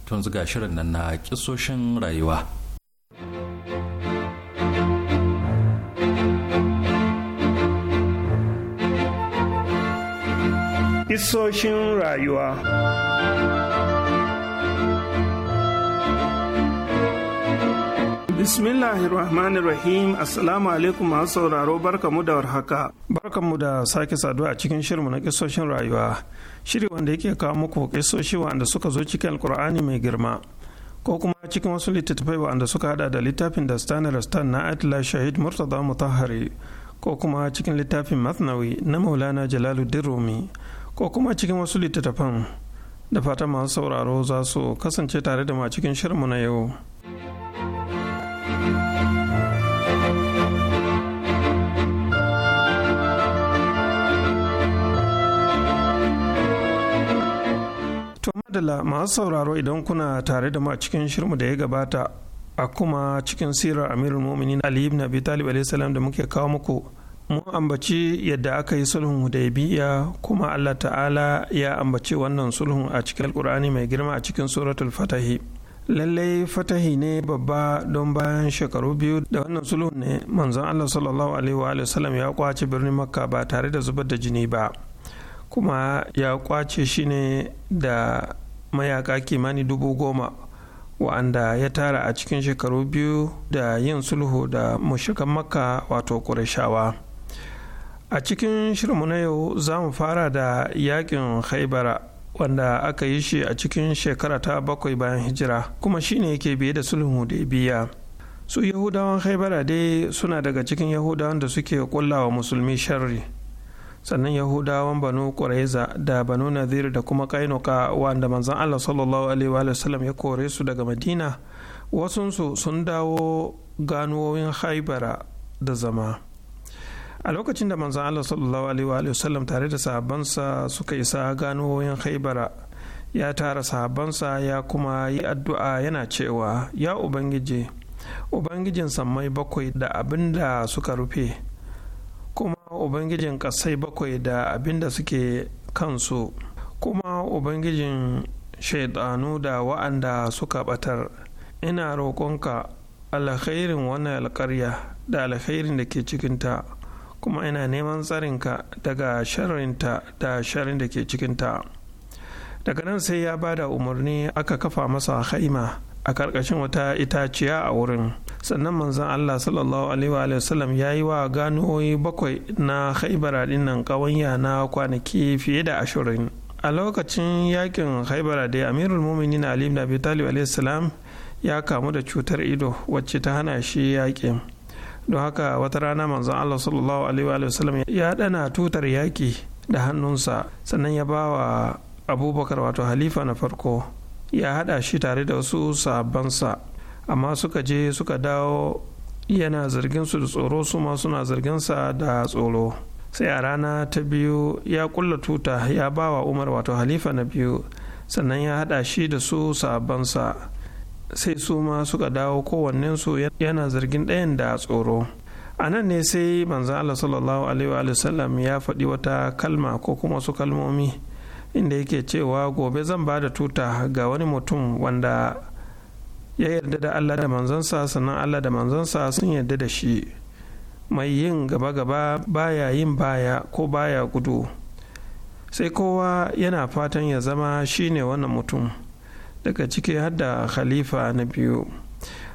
tun ga shirin nan na kisoshin rayuwa Isoshin rayuwa Bismillahirrahmanirrahim Assalamu alaikum masu sauraro barkamu da warhaka. Barkamu da sake saduwa a cikin shirinmu na kisoshin rayuwa. Shiri wanda yake kawo muku kisoshi wanda suka zo cikin Alkur'ani mai girma. ko kuma cikin wasu littattafai wanda suka hada da littafin da stan Rastan na atla shahid murtaza mutahari ko kuma cikin littafin masnawi na maulana jalaluddin rumi ko kuma cikin wasu littattafan da fata masu sauraro za su kasance tare da ma cikin shirmu na yau. madala masu sauraro idan kuna tare da ma cikin shirmu da ya gabata a kuma cikin sirar amirul muminin Ali ibn Abi Talib da muke kawo muku mun ambaci yadda aka yi sulhun hudaybiya kuma allah ta'ala ya ambaci wannan sulhun a cikin alkur'ani mai girma a cikin suratul fatahi lallai fatahi ne babba don bayan shekaru biyu da wannan sulhun ne manzon allah sallallahu alaihi wa sallam ya kwace birnin makka ba tare da zubar da jini ba kuma ya kwace shi ne da mayaka kimani dubu goma wa'anda ya tara a cikin shekaru biyu da yin sulhu da mushikan makka wato ƙurashawa. a cikin shirinmu na yau za mu fara da yakin haibara wanda aka yi shi a cikin shekara ta bakwai bayan hijira kuma shine yake biye da sulhun biya su yahudawan haibara dai suna daga cikin yahudawan da suke kullawa musulmi sharri sannan yahudawan banu quraiza da banu nazir da kuma kainuka wanda manzan allah sallallahu alaihi wa sallam ya kore su daga madina wasunsu sun dawo ganuwoyin haibara da zama a lokacin da manzan allah sallallahu alaihi wa sallam tare da sahabbansa suka isa gano wayan haibara ya tara sahabbansa ya kuma yi addu'a yana cewa ya ubangiji ubangijin sammai bakwai da abin suka rufe kuma ubangijin kasai bakwai da abin da suke kansu kuma ubangijin shaidanu da wa'anda suka batar ina roƙonka alkhairin wannan alƙarya da alkhairin da ke cikinta kuma ina neman tsarinka daga sharinta da sharin da ke cikinta daga nan sai ya ba da umarni aka kafa masa haima a karkashin wata itaciya a wurin sannan manzon allah sallallahu alaihi wasallam ya yi wa ganoyi bakwai na haibara dinnan kawanya na kwanaki fiye da ashirin a lokacin yakin haibara da amirul muminin ali ibn abi talib alaihi ya kamu da cutar ido wacce ta hana shi yakin don haka wata rana manzon Allah sallallahu alaihi wasallam ya dana tutar yaƙi da hannunsa sannan ya bawa abubakar wato halifa na farko ya haɗa shi tare da wasu sabansa amma suka je suka dawo yana zargin su da tsoro su ma suna sa da tsoro sai a rana ta biyu ya kulla tuta ya bawa umar wato halifa na biyu sannan ya haɗa shi da su sabansa sai su ma suka dawo kowannensu yana zargin ɗayan da tsoro a nan ne sai manzan Allah sallallahu alaihi wa sallam ya faɗi wata kalma ko kuma su kalmomi inda yake cewa gobe zan ba da tuta ga wani mutum wanda ya yarda da Allah da manzansa sannan Allah da manzansa sun yarda da shi mai yin gaba-gaba baya yin baya ko baya gudu sai kowa yana fatan ya zama shine wannan mutum. daga ciki har da khalifa na biyu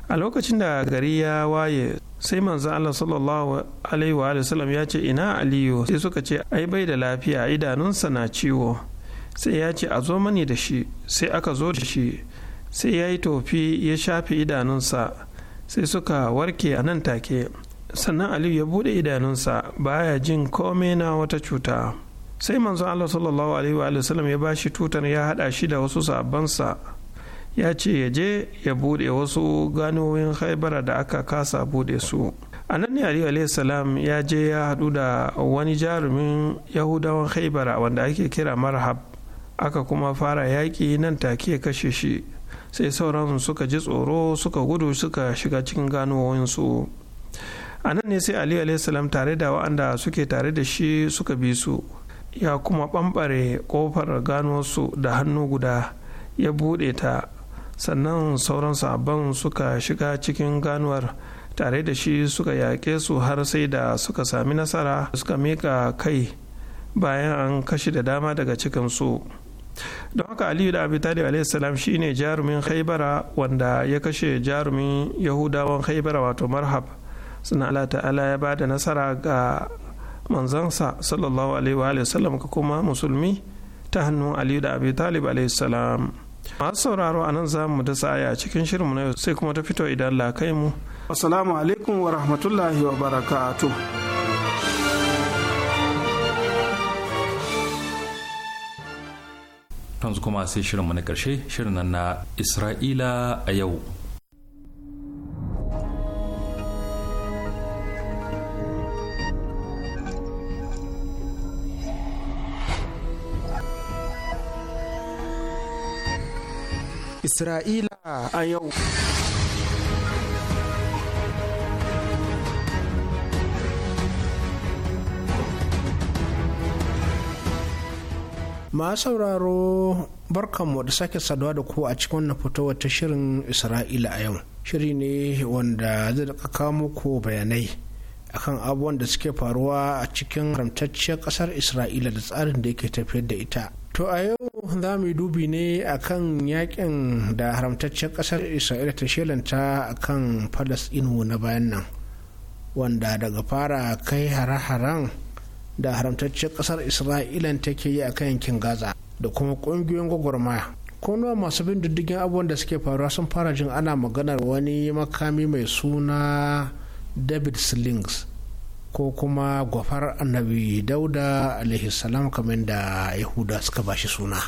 a lokacin da gari ya waye sai manzan Allah sallallahu alaihi wa sallam ya ce ina aliyu sai suka ce ai bai da lafiya idanunsa na ciwo sai ya ce a zo mani da shi sai aka zo da shi sai ya yi tofi ya shafe idanunsa sai suka warke a nan take sannan aliyu ya bude idanunsa baya jin kome na wata cuta sai manzo Allah sallallahu alaihi wa sallam ya bashi tutar ya hada shi da wasu sabansa ya ce ya je ya bude wasu ganoyin haibara da aka kasa bude su a nan ne aliyu salam ya je ya hadu da wani jarumin yahudawan haibara wanda ake kira marhab aka kuma fara yaƙi nan take kashe shi sai sauran suka ji tsoro suka gudu suka shiga cikin su a nan ne sai ali salam tare da wa'anda suke tare da shi suka bi su ya kuma ɓamɓare ƙofar gano su da hannu guda ya buɗe ta sannan sauran sabon suka shiga cikin ganuwar tare da shi suka yaƙe su har sai da suka sami nasara suka mika kai bayan an kashe da dama daga cikinsu don haka aliyu da abi talib salam ne jarumin haibara wanda ya kashe jarumin yahudawan haibara wato marhab suna allah ta'ala ya ba da nasara ga manzansa sallallahu alaihi wa sallam kuma musulmi ta hannun aliyu da abu talib salam masu sauraro a nan za mu da sa'aya a cikin shirinmu na yau sai kuma ta fito idan la kai mu assalamu alaikum wa rahmatullahi wa barakatu yanzu kuma sai shirinmu na ƙarshe shirin na isra'ila a yau Isra'ila a yau. Ma sauraro barkanmu da sake saduwa da ku a cikin wannan fito ta shirin Isra'ila a yau. Shiri ne wanda zai da muku bayanai akan abubuwan da suke faruwa a cikin haramtacciyar ƙasar Isra'ila da tsarin da yake tafiyar da ita. To a yau za mu yi dubi ne akan yakin da haramtaccen ƙasar Isra'ila ta shelanta akan Falasɗinu na bayan nan, wanda daga fara kai hare-haren da haramtaccen ƙasar Isra'ilan take yi a akan yankin Gaza da kuma ƙungiyoyin gwagwarma Kuma masu bin diddigin abubuwan da suke faruwa sun fara jin ana maganar wani makami mai suna David Slings ko kuma gwafar annabi dauda alaihi salam kamar da yahuda suka ba shi suna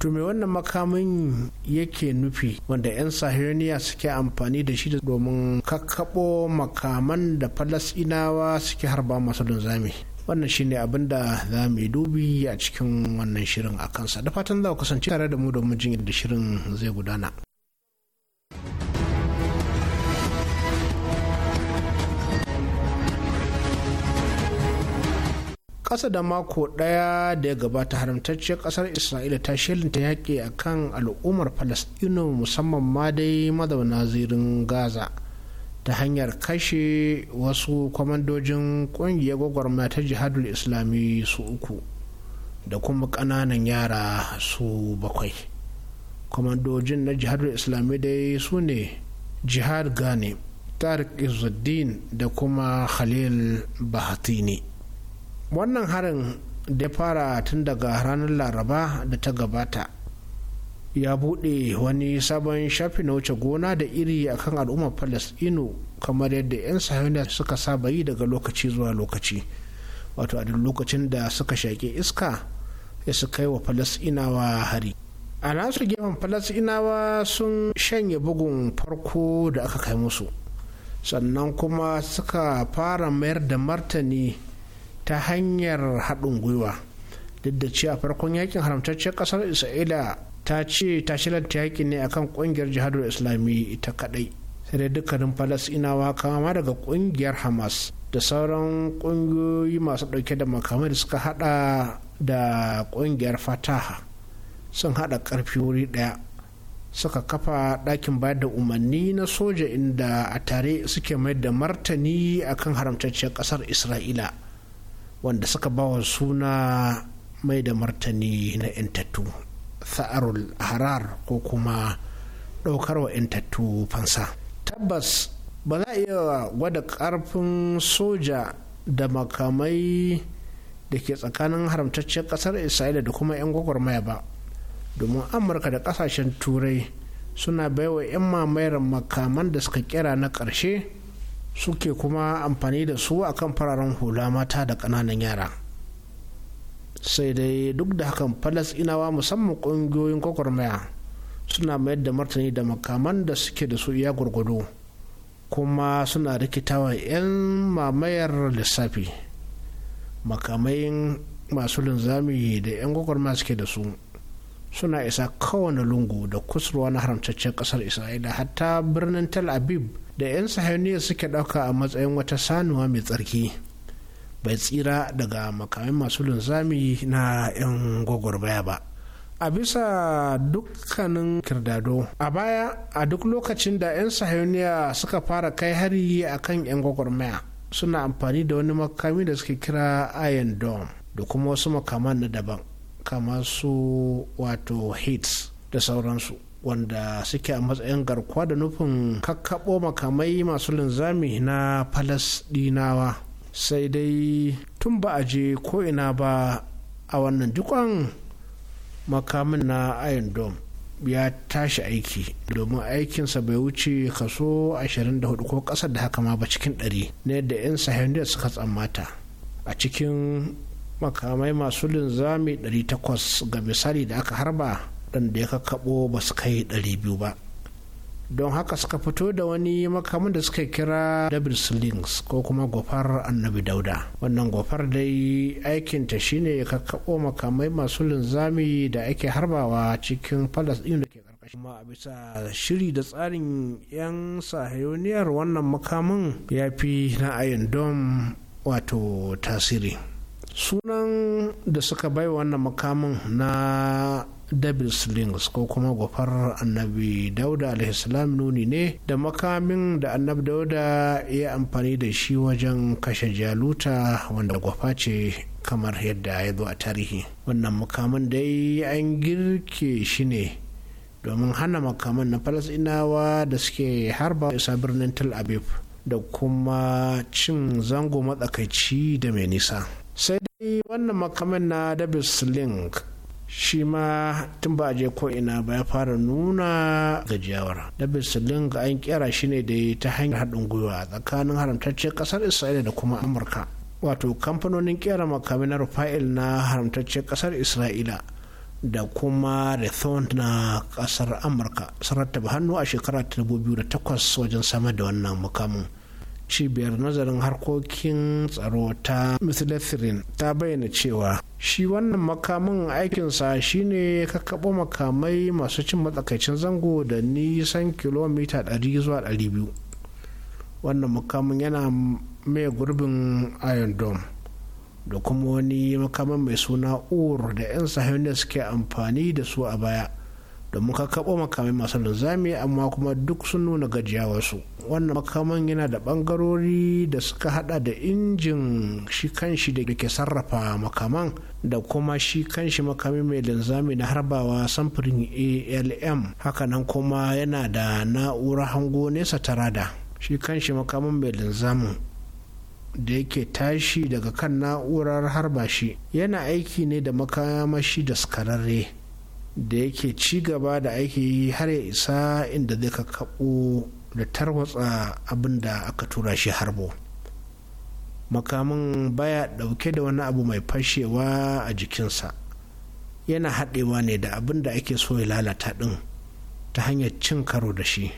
to me wannan makamin yake nufi wanda 'yan sahiraniya suke amfani da shi domin kakkaɓo makaman da falasinawa suke harba masu linzami wannan shine abin da za mu yi dubi a cikin wannan shirin a kansa da fatan za ku kasance tare da mu domin jin yadda shirin zai gudana kasa da mako ɗaya da ya gabata haramtacciyar kasar isra'ila ta shirinta yaƙi a kan al'ummar falasɗinu musamman ma dai mazauna zirin gaza ta hanyar kashe wasu kwamandojin ƙungiyar gwagwarmaya ta jihadul islami su uku da kuma ƙananan yara su bakwai kwamandojin na jihadul islami dai su ne jihad gane tariq izuddin da kuma khalil bahatini wannan harin da ya fara tun daga ranar laraba da ta gabata ya buɗe wani sabon shafi na wuce gona da iri akan al'ummar palestino kamar yadda 'yan sahiyoniya suka saba yi daga lokaci zuwa lokaci wato a duk lokacin da suka shaƙe iska ya su kai wa palestinawa hari a nasu gefen palestinawa sun shanye bugun farko da aka kai musu sannan kuma suka fara mayar da martani ta hanyar haɗin gwiwa duk da cewa farkon yakin haramtaccen ƙasar isra'ila ta ce ta shilanta yakin ne akan ƙungiyar jihadar islami ita kaɗai sai dai dukkanin falasinawa kama daga ƙungiyar hamas da sauran ƙungiyoyi masu ɗauke da makamai da suka haɗa da ƙungiyar fataha sun haɗa ƙarfi wuri ɗaya suka kafa ɗakin bayar da umarni na soja inda a tare suke mai da martani akan haramtacciyar ƙasar isra'ila wanda suka bawa suna mai da martani na 'yantattu sa'arul harar ko kuma wa 'yantattu fansa tabbas ba za a iya gwada ƙarfin soja da makamai da ke tsakanin haramtacciyar ƙasar isra'ila da kuma 'yan gwagwarmaya ba domin amurka da ƙasashen turai suna baiwa 'yan mamayar makaman da suka kera na ƙarshe suke kuma amfani da su akan fararen hula mata da ƙananan yara sai dai duk da hakan falasinawa musamman ƙungiyoyin kwakwarmaya suna mayar da martani da makaman da suke da su iya gwargwado kuma suna rikitawa 'yan mamayar lissafi makamai masu linzami da 'yan gwagwarmaya suke da su suna isa kowane lungu da kusurwa na haramtaccen kasar isra'ila hatta birnin tel aviv da 'yan sahauniya suke ɗauka a matsayin wata sanuwa mai tsarki bai tsira daga makamai masu linzami na 'yan gwagwarmaya ba a bisa dukkanin kirdado a baya a duk lokacin da 'yan sahauniya suka fara kai hari a kan 'yan gwagwarmaya suna amfani da wani makami da suke kira iron dome da kuma wasu makaman na daban kamar su wato hits da sauransu wanda suke a matsayin garkuwa da nufin kakkaɓo makamai masu linzami na falasdinawa sai dai tun ba a je ko'ina ba a wannan dukwan makamin na iron dome ya tashi aiki domin aikinsa bai wuce kaso 24 ko ƙasa da haka ma ba cikin 100 na yadda 'yan sahaniyar suka tsammata a cikin makamai masu linzami 800 ga misali da aka harba da ya kaɓo ba su kai biyu ba don haka suka fito da wani makamin da suka kira double slings ko kuma gofar annabi dauda wannan gofar dai aikinta shine ya kakkaɓo makamai masu linzami da ake harbawa cikin palace din da ke kuma a bisa shiri da tsarin 'yan sahayoniyar wannan makamin ya fi na ayin dom wato tasiri sunan da suka bai wannan makamin na davis slings ko kuma gwafar annabi dauda alaihissalam nuni ne da makamin da annabi dauda ya amfani da shi wajen kashe jaluta wanda gwafa ce kamar yadda ya zo a tarihi wannan makamin dai an girke shi ne domin hana makaman na falasinawa da suke harba isa birnin tel aviv da kuma cin zango matsakaici da mai nisa sai dai wannan makamin na davis link shi ma tun ba je ko ina ba ya fara nuna gajiyawar dabin silin ga an kera shi ne da ta hanyar haɗin gwiwa tsakanin haramtaccen ƙasar isra'ila da kuma amurka wato kamfanonin kera makamai na rufa'il na haramtacce ƙasar isra'ila da kuma rethon na ƙasar amurka sun rattaba hannu a shekara 2008 wajen samar da wannan mukamin cibiyar nazarin harkokin tsaro ta mislethrin ta bayyana cewa shi wannan makamin aikinsa shine kakkaɓo makamai masu cin matsakaicin zango da nisan kilomita 100 zuwa 200 wannan makamin yana mai gurbin iron dome da kuma wani makamin mai suna ur da 'yan sahiyar suke amfani da su a baya da muka kaɓo makamai masu linzami amma kuma duk sun nuna gajiya wasu wannan makaman yana da ɓangarori da suka hada da injin shi kanshi da ke sarrafa makaman da kuma shi kanshi makami mai linzami na harbawa samfurin alm hakanan kuma yana da na'urar hango nesa ta rada shi kanshi makaman mai linzamin da yake tashi daga kan na'urar harba shi yana aiki ne da makamashi da skararre da yake ci gaba da aiki har ya isa inda zai ka kaɓo da tarwatsa abin da aka tura shi harbo makamin baya dauke da wani abu mai fashewa a jikinsa yana haɗewa ne da abin da ake so ya lalata ɗin ta hanyar cin karo da shi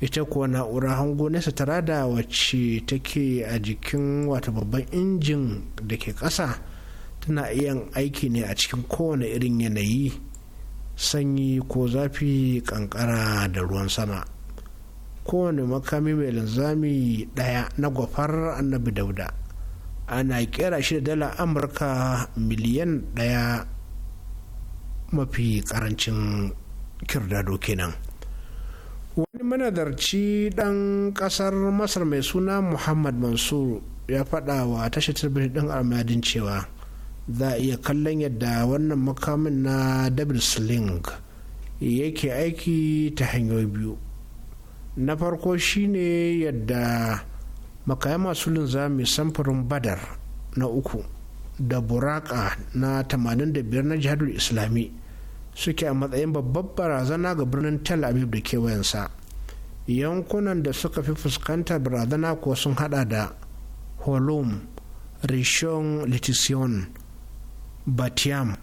ita kuwa na'ura hango nesa tara da wacce take a jikin wata babban injin da ke ƙasa tana iya aiki ne a cikin kowane irin yanayi sanyi ko zafi kankara da ruwan sama kowane makami mai linzami daya na gwafar annabi dauda ana kera shi da dala amurka miliyan daya mafi karancin kirdado kenan wani manadarci dan kasar masar mai suna muhammad mansur ya faɗa wa tashar talabijin ɗin almadin cewa za a iya kallon yadda wannan makamin na double sling yake aiki ta hanyoyi biyu na farko shine yadda makaya masu linza mai samfurin badar na uku da buraka na 85 na jihadul islami suke a matsayin babbar barazana ga birnin tel aviv da kewayensa yankunan da suka fi fuskanta barazana ko sun hada da holom rishon litision batiam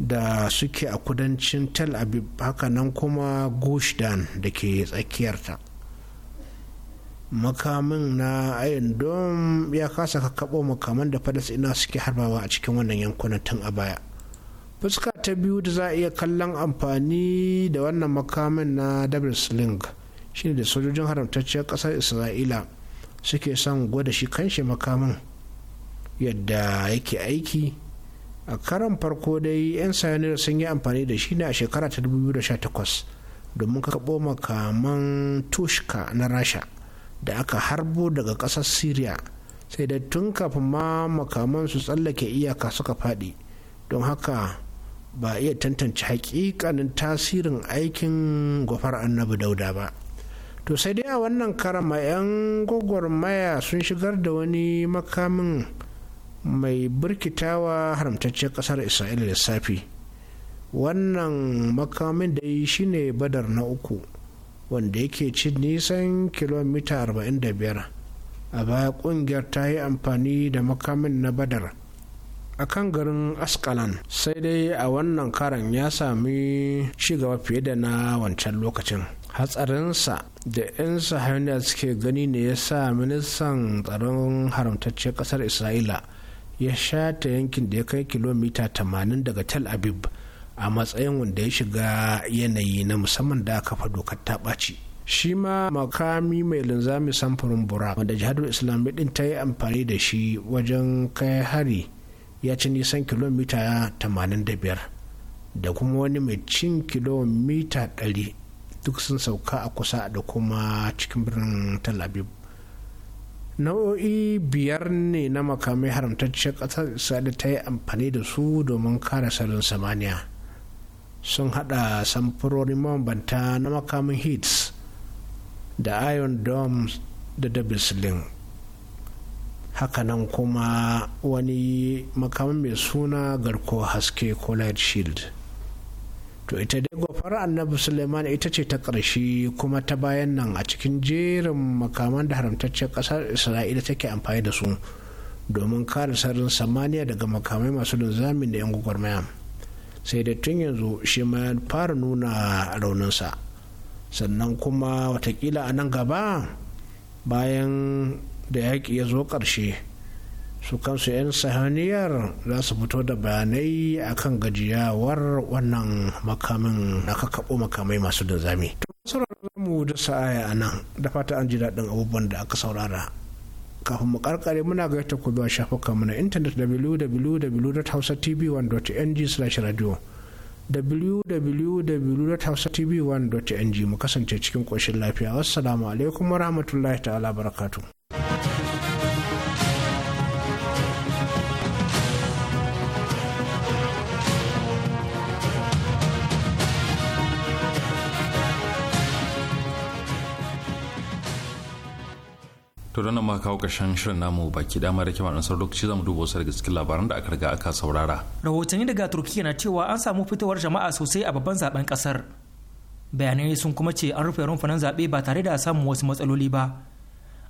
da suke a kudancin tel aviv hakanan kuma gushdan da ke tsakiyarta makamin na ayin dom ya kasa ka kaɓo makaman da falasina suke harbawa a cikin wannan yankunan tun a baya fuska ta biyu da za a iya kallon amfani da wannan makamin na double sling shine da sojojin haramtacciyar kasar isra'ila suke son gwada shi kanshi makamin yadda yake aiki a karon farko dai 'yan sayaniyar sun yi amfani da shi ne a shekara ta 2018 domin kaɓo makaman tushka na rasha da aka harbo daga ƙasar syria sai da tun kafin ma makaman su tsallake iyaka suka faɗi don haka ba a iya tantance hakikanin tasirin aikin gwafar annabi dauda ba to sai dai a wannan karama 'yan gwagwarmaya sun shigar da wani makamin mai birkitawa haramtaccen kasar isra'ila lissafi wannan makamin da yi shine badar na uku wanda yake ci nisan kilomita 45 a baya kungiyar ta yi amfani da makamin na badar a kan garin askalan sai dai a wannan karan ya sami shigaba fiye da na wancan lokacin hatsarinsa da 'yan sahayyar suke gani ne ya sa ministan tsaron haramtacce kasar isra'ila ya shata yankin da ya kai kilomita 80 daga tel aviv a matsayin wanda ya shiga yanayi na musamman da aka fa dokar ta ɓaci shi ma makami mai linzami samfurin bura wanda jihadar islami din ta yi amfani da shi wajen kai hari ya ci nisan kilomita 85 da kuma wani mai cin kilomita 100 duk sun sauka a kusa da kuma cikin birnin tel aviv nau'o'i biyar ne na makamai haramtacciyar ƙasar isra'ila ta yi amfani da su domin kare sararin samaniya sun hada samfurorin mabambanta na makamin hits da iron dome da dabisling hakanan kuma wani makamin mai suna garko haske ko light shield to ita dai gofar annabi suleiman ita ce ta ƙarshe kuma ta bayan nan a cikin jerin makaman da haramtaccen ƙasar isra'ila take amfani da su domin kare sararin samaniya daga makamai masu linzamin da 'yan gwagwarmaya sai da tun yanzu shi ma fara nuna rauninsa sannan kuma watakila a nan gaba bayan da yaƙi ya zo ƙarshe su kansu 'yan sahaniyar za su fito da bayanai akan gajiyawar wannan makamin ka kaɓo makamai masu da zami. mu da sa'aya a nan da fata an ji daɗin abubuwan da aka saurara kafin mu ƙarƙare muna gaita ku zuwa shafukan mu na intanet www.hausatv1.ng slash radio www.hausatv1.ng mu kasance cikin ƙoshin lafiya wassalamu alaikum rahmatullahi ta'ala barakatu. to don nan ma kawo ƙarshen shirin namu baki dama da a ansar lokaci zamu duba wasu daga cikin labaran da aka riga aka saurara rahotanni daga turkiya na cewa an samu fitowar jama'a sosai a babban zaben kasar bayanai sun kuma ce an rufe rumfunan zaɓe ba tare da samun wasu matsaloli ba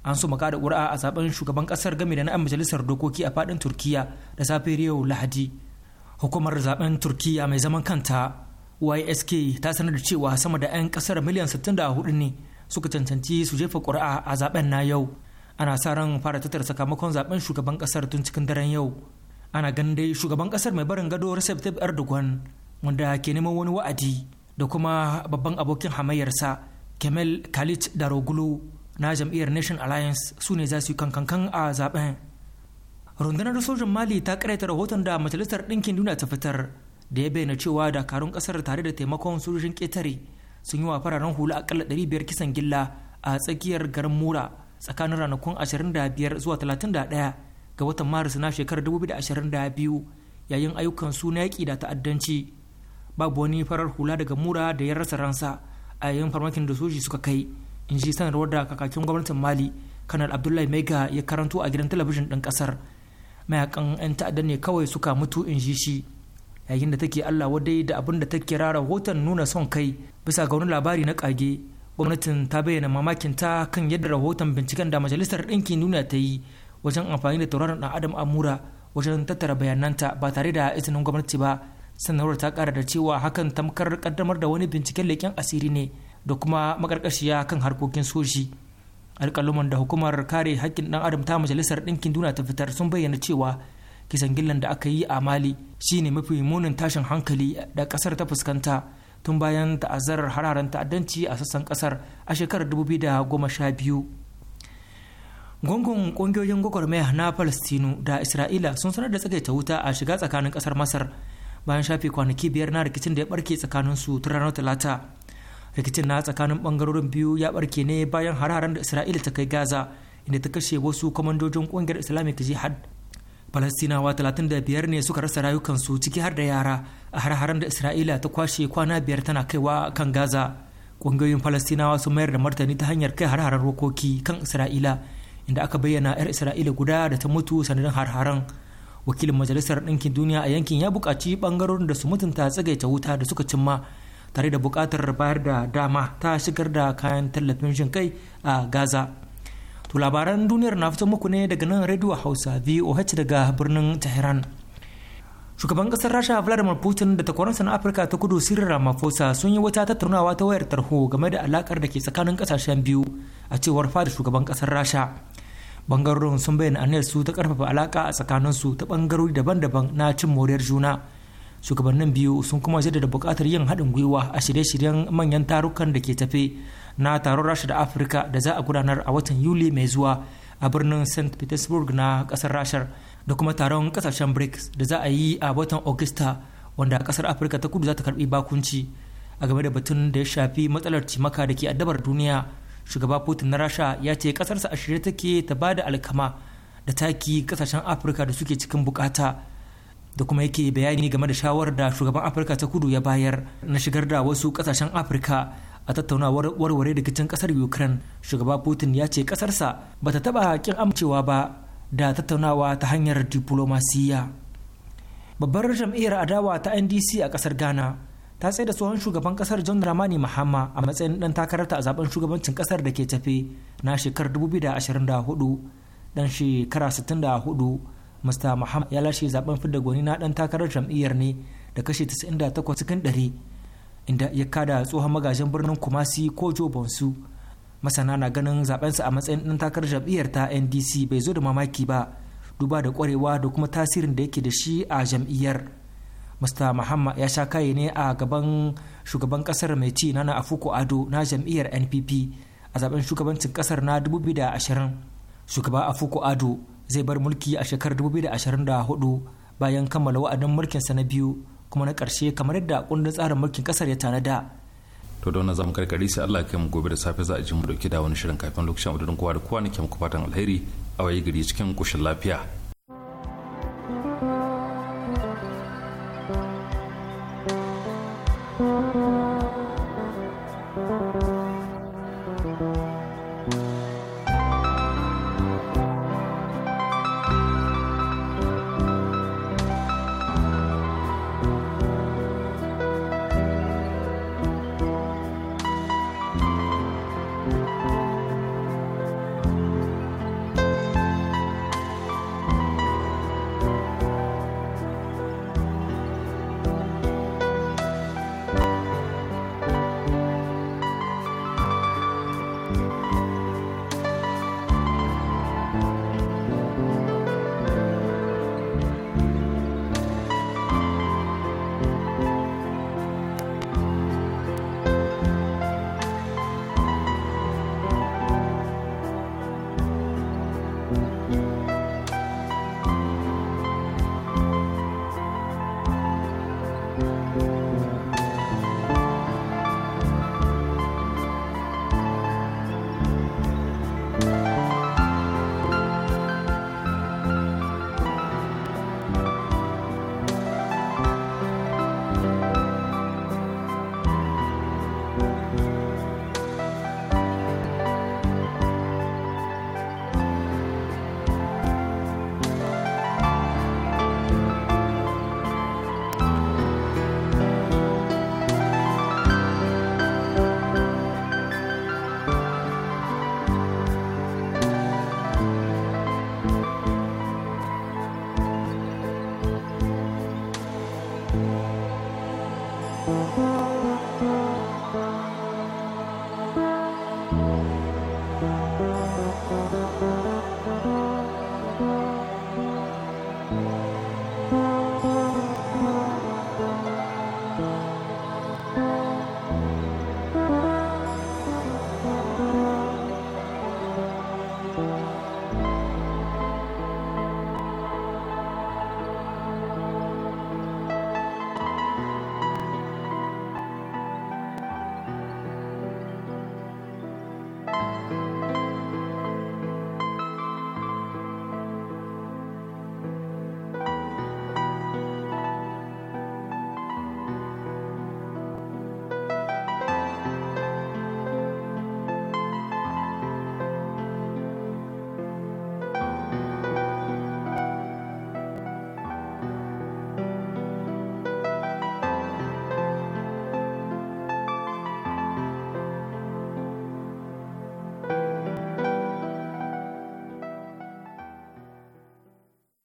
an so maka da ƙuri'a a zaben shugaban kasar game da na majalisar dokoki a fadin turkiya da safe yau lahadi hukumar zaben turkiya mai zaman kanta ysk ta sanar da cewa sama da 'yan kasar miliyan 64 ne suka cancanci su jefa ƙuri'a a zaben na yau ana sa ran fara tattara sakamakon zaben shugaban kasar tun cikin daren yau ana ganin dai shugaban kasar mai barin gado Recep Tayyip Erdogan wanda ke neman wani wa'adi da kuma babban abokin hamayyarsa Kemal Khalid Daroglu na jam'iyyar Nation Alliance su ne za su yi kankankan a zaben rundunar sojan Mali ta karaita rahoton da majalisar ɗinkin duniya ta fitar da ya bayyana cewa dakarun kasar tare da taimakon sojojin ƙetare sun yi wa fararen hula akalla 500 kisan gilla a tsakiyar garin Mura tsakanin ranakun 25 zuwa 31 ga watan maris na shekarar 2022 yayin ayyukan su na yaƙi da ta'addanci babu wani farar hula daga mura da ya rasa ransa a yayin farmakin da soji suka kai in ji sanarwar da kakakin gwamnatin mali kanar abdullahi mega ya karanto a gidan talabijin ɗin ƙasar mayakan 'yan ta'adda ne kawai suka mutu in ji shi yayin da take allah wadai da abin da take rara hoton nuna son kai bisa ga wani labari na ƙage gwamnatin ta bayyana mamakin ta kan yadda rahoton binciken da majalisar ɗinkin duniya ta yi wajen amfani da tauraron ɗan adam amura wajen tattara bayananta ba tare da izinin gwamnati ba sanarwar ta kara da cewa hakan tamkar kaddamar da wani binciken leƙen asiri ne da kuma makarkashiya kan harkokin soji alƙaluman da hukumar kare haƙƙin ɗan adam ta majalisar ɗinkin duniya ta fitar sun bayyana cewa kisan gillan da aka yi a mali shine mafi munin tashin hankali da ƙasar ta fuskanta tun bayan ta'azzarar hararen ta'addanci a sassan kasar a shekarar 2012 gungun kungiyoyin gwagwarmaya na palestinu da isra'ila sun sanar da ta wuta a shiga tsakanin kasar masar bayan shafe kwanaki biyar na rikicin da ya barke tsakanin su ta ranar talata rikicin na tsakanin bangarorin biyu ya barke ne bayan hararen da isra'ila ta kai gaza inda ta kashe wasu kwamandojin kungiyar islamic jihad falastinawa 35 ne suka rasa rayukansu ciki har da yara a har da isra'ila ta kwashe kwana biyar tana kaiwa kan gaza ƙungiyoyin falastinawa sun mayar da martani ta hanyar kai har-haren rokoki kan isra'ila inda aka bayyana 'yar isra'ila guda da ta mutu sanadin harharan wakilin majalisar ɗinkin duniya a yankin ya buƙaci ɓangarorin da su mutunta tsagaita wuta da suka cimma tare da buƙatar bayar da dama ta shigar da kayan tallafin shinkai a gaza To labaran duniyar na fito muku ne daga nan Radio Hausa VOH daga birnin Tehran. Shugaban kasar Rasha Vladimir Putin da takwaransa na Afirka ta kudu Cyril Ramaphosa sun yi wata tattaunawa ta wayar tarho game da alakar da ke tsakanin kasashen biyu a cewar fada shugaban kasar Rasha. Bangarorin sun bayyana aniyar su ta karfafa alaka a tsakanin su ta bangarori daban-daban na cin moriyar juna. Shugabannin biyu sun kuma jaddada bukatar yin haɗin gwiwa a shirye-shiryen manyan tarukan da ke tafe na taron rasha da afirka da za a gudanar a watan yuli mai zuwa a birnin st petersburg na kasar rasha da kuma taron kasashen brics da za a yi a watan augusta wanda kasar afirka ta kudu za ta karbi bakunci a game da batun da ya shafi matsalar cimaka da ke addabar duniya shugaba putin na rasha ya ce kasarsa a shirye take ta ba da alkama da taki kasashen afirka da suke cikin bukata da kuma yake bayani game da shawarar da shugaban afirka ta kudu ya bayar na shigar da wasu kasashen afirka a tattaunawar warware rikicin kasar ukraine shugaba putin ya ce kasarsa ba ta taba hakin amincewa ba da tattaunawa ta hanyar diplomasiya babbar jam'iyyar adawa ta ndc a kasar ghana ta tsaye da tsohon shugaban kasar john ramani mahama a matsayin dan takararta a zaben shugabancin kasar da ke tafe na shekarar 2024 dan shekara 64 mr muhammad ya lashe zaben fidda gwani na dan takarar jam'iyyar ne da kashe 98 cikin 100 inda ya kada tsohon magajin birnin kumasi ko joe bonsu masana na ganin zabensa a matsayin ɗan takarar jam'iyyar ta ndc bai zo da mamaki ba duba da kwarewa da kuma tasirin da yake da shi a jam'iyyar mr muhammad ya sha kai ne a gaban shugaban kasar mai ci nana afuku ado na jam'iyyar npp a zaben shugabancin kasar na 2020 shugaba afuku ado zai bar mulki a shekarar 2024 bayan kammala wa'adin mulkinsa na biyu kuma na ƙarshe kamar yadda kundin tsarin mulkin ƙasar ya tanada. To da wannan zamu karkari sai Allah ya mu gobe da safe za a ji mu dauki da wani shirin kafin lokacin abudurin kowa da kowa ke muku fatan alheri a waye gari cikin kushin lafiya.